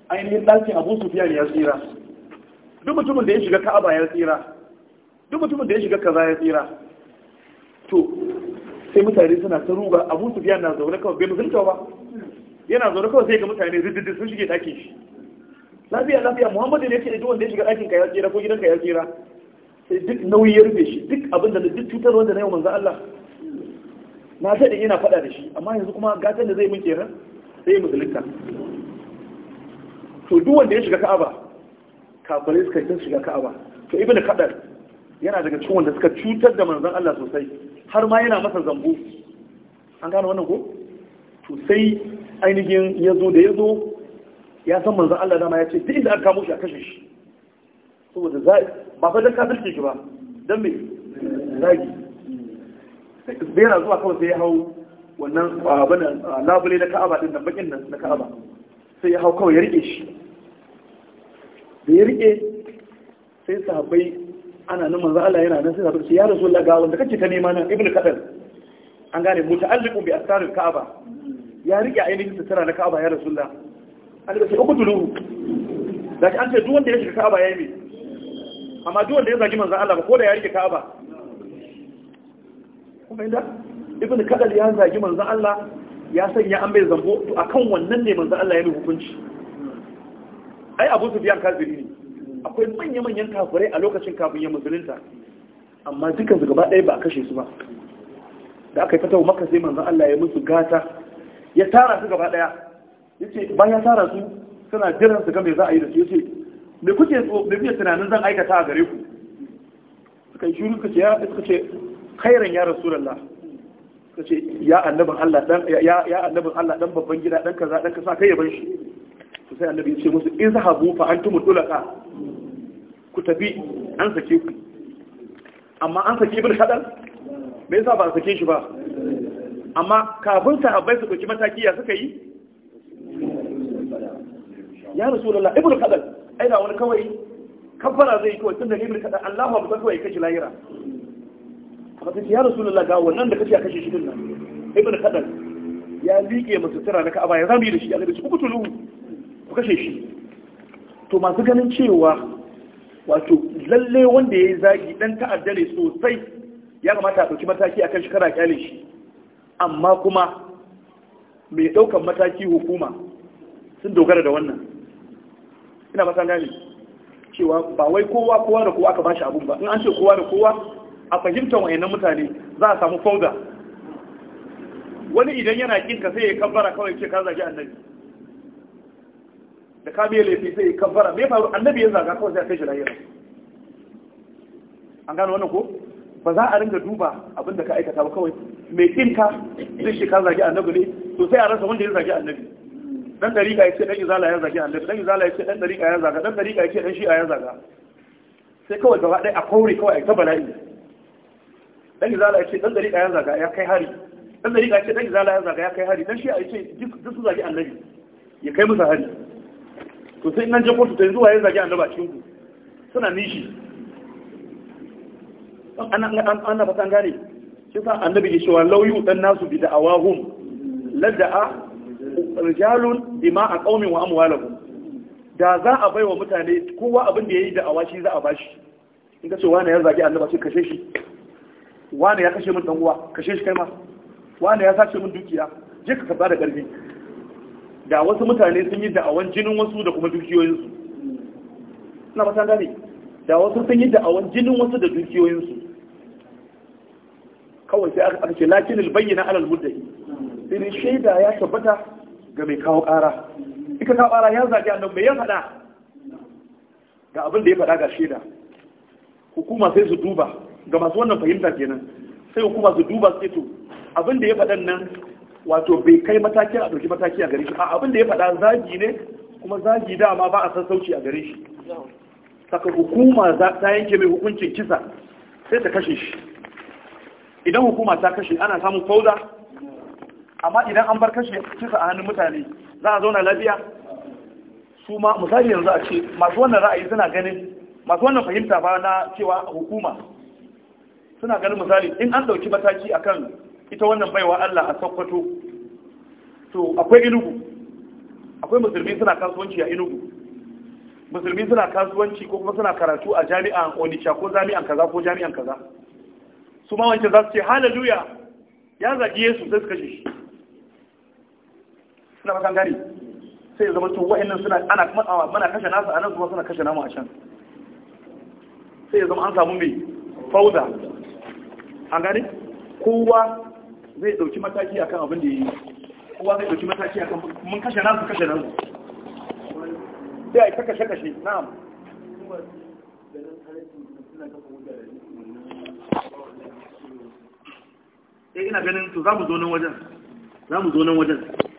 ainihin ɗakin abu sufiyan ya tsira duk mutumin da ya shiga ka'aba ya tsira duk mutumin da ya shiga kaza ya tsira to sai mutane suna ta ruga abu sufiyan na zaune kawai bai musulta ba yana zaune kawai sai ga mutane ziddidin sun shige ɗakin shi lafiya lafiya muhammadu ne ya ce da wanda ya shiga ɗakin ka ya tsira ko gidan ka ya tsira sai duk nauyi ya rufe shi duk abin da duk cutar wanda na yau manzan Allah na ta ina faɗa da shi amma yanzu kuma gatan da zai min ran sai ya musulunta to duk wanda ya shiga ka'aba kafirai suka kin shiga ka'aba to ibnu kadar yana daga cikin wanda suka cutar da manzan Allah sosai har ma yana masa zambo an gane wannan ko to sai ainihin yazo da yazo ya san manzan Allah dama ya ce duk inda aka kamo shi a kashe shi saboda za ba fa dan kafirce ki ba dan me zagi da yana zuwa kawai sai ya hau wannan abin labule na ka'aba din nan bakin nan na ka'aba sai ya hau kawai ya rike shi da ya rike sai sahabbai ana nan manzo Allah yana nan sai sahabbai ya rasulullah ga wanda kake ta nema nan ibnu kadar an gane mu ta'alliqu bi astaril ka'aba ya rike ainihin sutura na ka'aba ya rasulullah an ga sai uku tulu da an ce duk wanda ya shiga ka'aba yayi amma duk wanda ya zagi manzan Allah ba ko da ya rike Ka'aba kuma inda ibn kadal ya zagi manzan Allah ya sanya an bai zambo to akan wannan ne manzan Allah ya yi hukunci ai Abu biyan kafiri ne akwai manya manyan kafirai a lokacin kafin ya musulunta amma dukkan su gaba ɗaya ba a kashe su ba da aka yi fatawa maka sai manzan Allah ya musu gata ya tara su gaba ɗaya Ya ce bayan ya tara su suna jiran su ga za a yi da su yace me kuke da kuke tunanin zan aikata a gare ku suka yi shuru suka ce ya suka ce khairan ya rasulullah suka ce ya annabin Allah dan ya ya annabin Allah dan babban gida dan kaza dan kaza kai ya bar shi to sai annabi ya ce musu in zahabu fa antum tulaka ku tafi an sake ku amma an sake ibn hadal me yasa ba sake shi ba amma kafin sahabbai su ɗauki mataki ya suka yi ya rasulullah ibn hadal ai da wani kawai kafara zai kawai tun da ne kaɗan Allahu akbar kawai kashi lahira A sai ya rasu rasulullah ga wannan da kashi a kashe shi din nan ibn kaɗan ya liƙe masu tura na ka'aba ya zama yi da shi annabi ku tulu ku kashe shi to masu ganin cewa wato lalle wanda ya yi zagi dan ta'adda ne sosai ya kamata a ɗauki mataki akan shekara kana kyale shi amma kuma mai ɗaukan mataki hukuma sun dogara da wannan ina ba gani cewa ba wai kowa kowa da kowa aka bashi abun ba in an ce kowa da kowa a fahimtar wayannan mutane za a samu fauda wani idan yana kin ka sai ya kabbara kawai ce ka zagi annabi da ka biya laifi sai ya kabbara me faru annabi ya zaga kawai sai a kai shi an gano wannan ko ba za a ringa duba abin da ka aikata ba kawai mai kin ka zai shi ka zagi annabi ne to sai a rasa wanda ya zagi annabi dan dariƙa ya ce dan izala ya zage annabi dan izala ya ce dan dariƙa ya zaga dan dariƙa ya ce dan shi'a ya zaga sai kawai gaba ɗaya a kore kawai a ta bala'i dan izala ya dan dariƙa ya zaga ya kai hari dan dariƙa ya ce dan izala ya zaga ya kai hari dan shi'a ya ce duk su zagi annabi ya kai musu hari to sai nan je kotu ta zuwa ya zagi annabi a cikin ku suna nishi ana fata gane shi sa annabi ya ce wa lauyu dan nasu bi da'awahum lada'a rijalun dima a qaumin wa amwalahum da za a baiwa mutane kowa abin da yayi da awashi za a bashi in ka ce wani ya zagi annaba ce kashe shi wani ya kashe min dan uwa kashe shi kai ma wani ya sace min dukiya je ka karba da ƙarfi da wasu mutane sun yi da'awan jinin wasu da kuma dukiyoyinsu Ina mata gane da wasu sun yi da'awan jinin wasu da dukiyoyinsu kawai sai aka ce lakin albayyana alal muddai sai shaida ya tabbata ga mai kawo ƙara ika kawo ƙara ya zagi annan mai ya faɗa ga abin da ya faɗa ga shaida hukuma sai su duba ga masu wannan fahimta kenan sai hukuma su duba sai ito. abin da ya faɗan nan wato bai kai mataki a ɗauki mataki a gare shi a abin da ya faɗa zagi ne kuma zagi dama ba a sassauci a gare shi saka hukuma ta yanke mai hukuncin kisa sai ta kashe shi idan hukuma ta kashe ana samun fauda amma idan an bar kashe kisa a hannun mutane za a zauna lafiya su ma misali yanzu a ce masu wannan ra'ayi suna ganin masu wannan fahimta ba na cewa hukuma suna ganin misali in an dauki mataki akan ita wannan baiwa Allah a Sokoto to akwai inugu akwai musulmi suna kasuwanci a inugu musulmi suna kasuwanci ko kuma suna karatu a jami'an onisha ko jami'an kaza ko jami'an kaza su ma wancan za su ce hallelujah ya zagi Yesu sai suka shi suna bakan gari sai zama to wa'annan suna ana matsawa mana kashe nasu a nan kuma suna kashe namu a can sai ya zama an samu mai fauza. an gani kowa zai dauki mataki akan abin da ya yi kowa zai dauki mataki akan mun kashe nasu kashe nan. sai a yi kashe kashe na'am eh, ina ganin to za mu zo nan wajen za mu zo nan wajen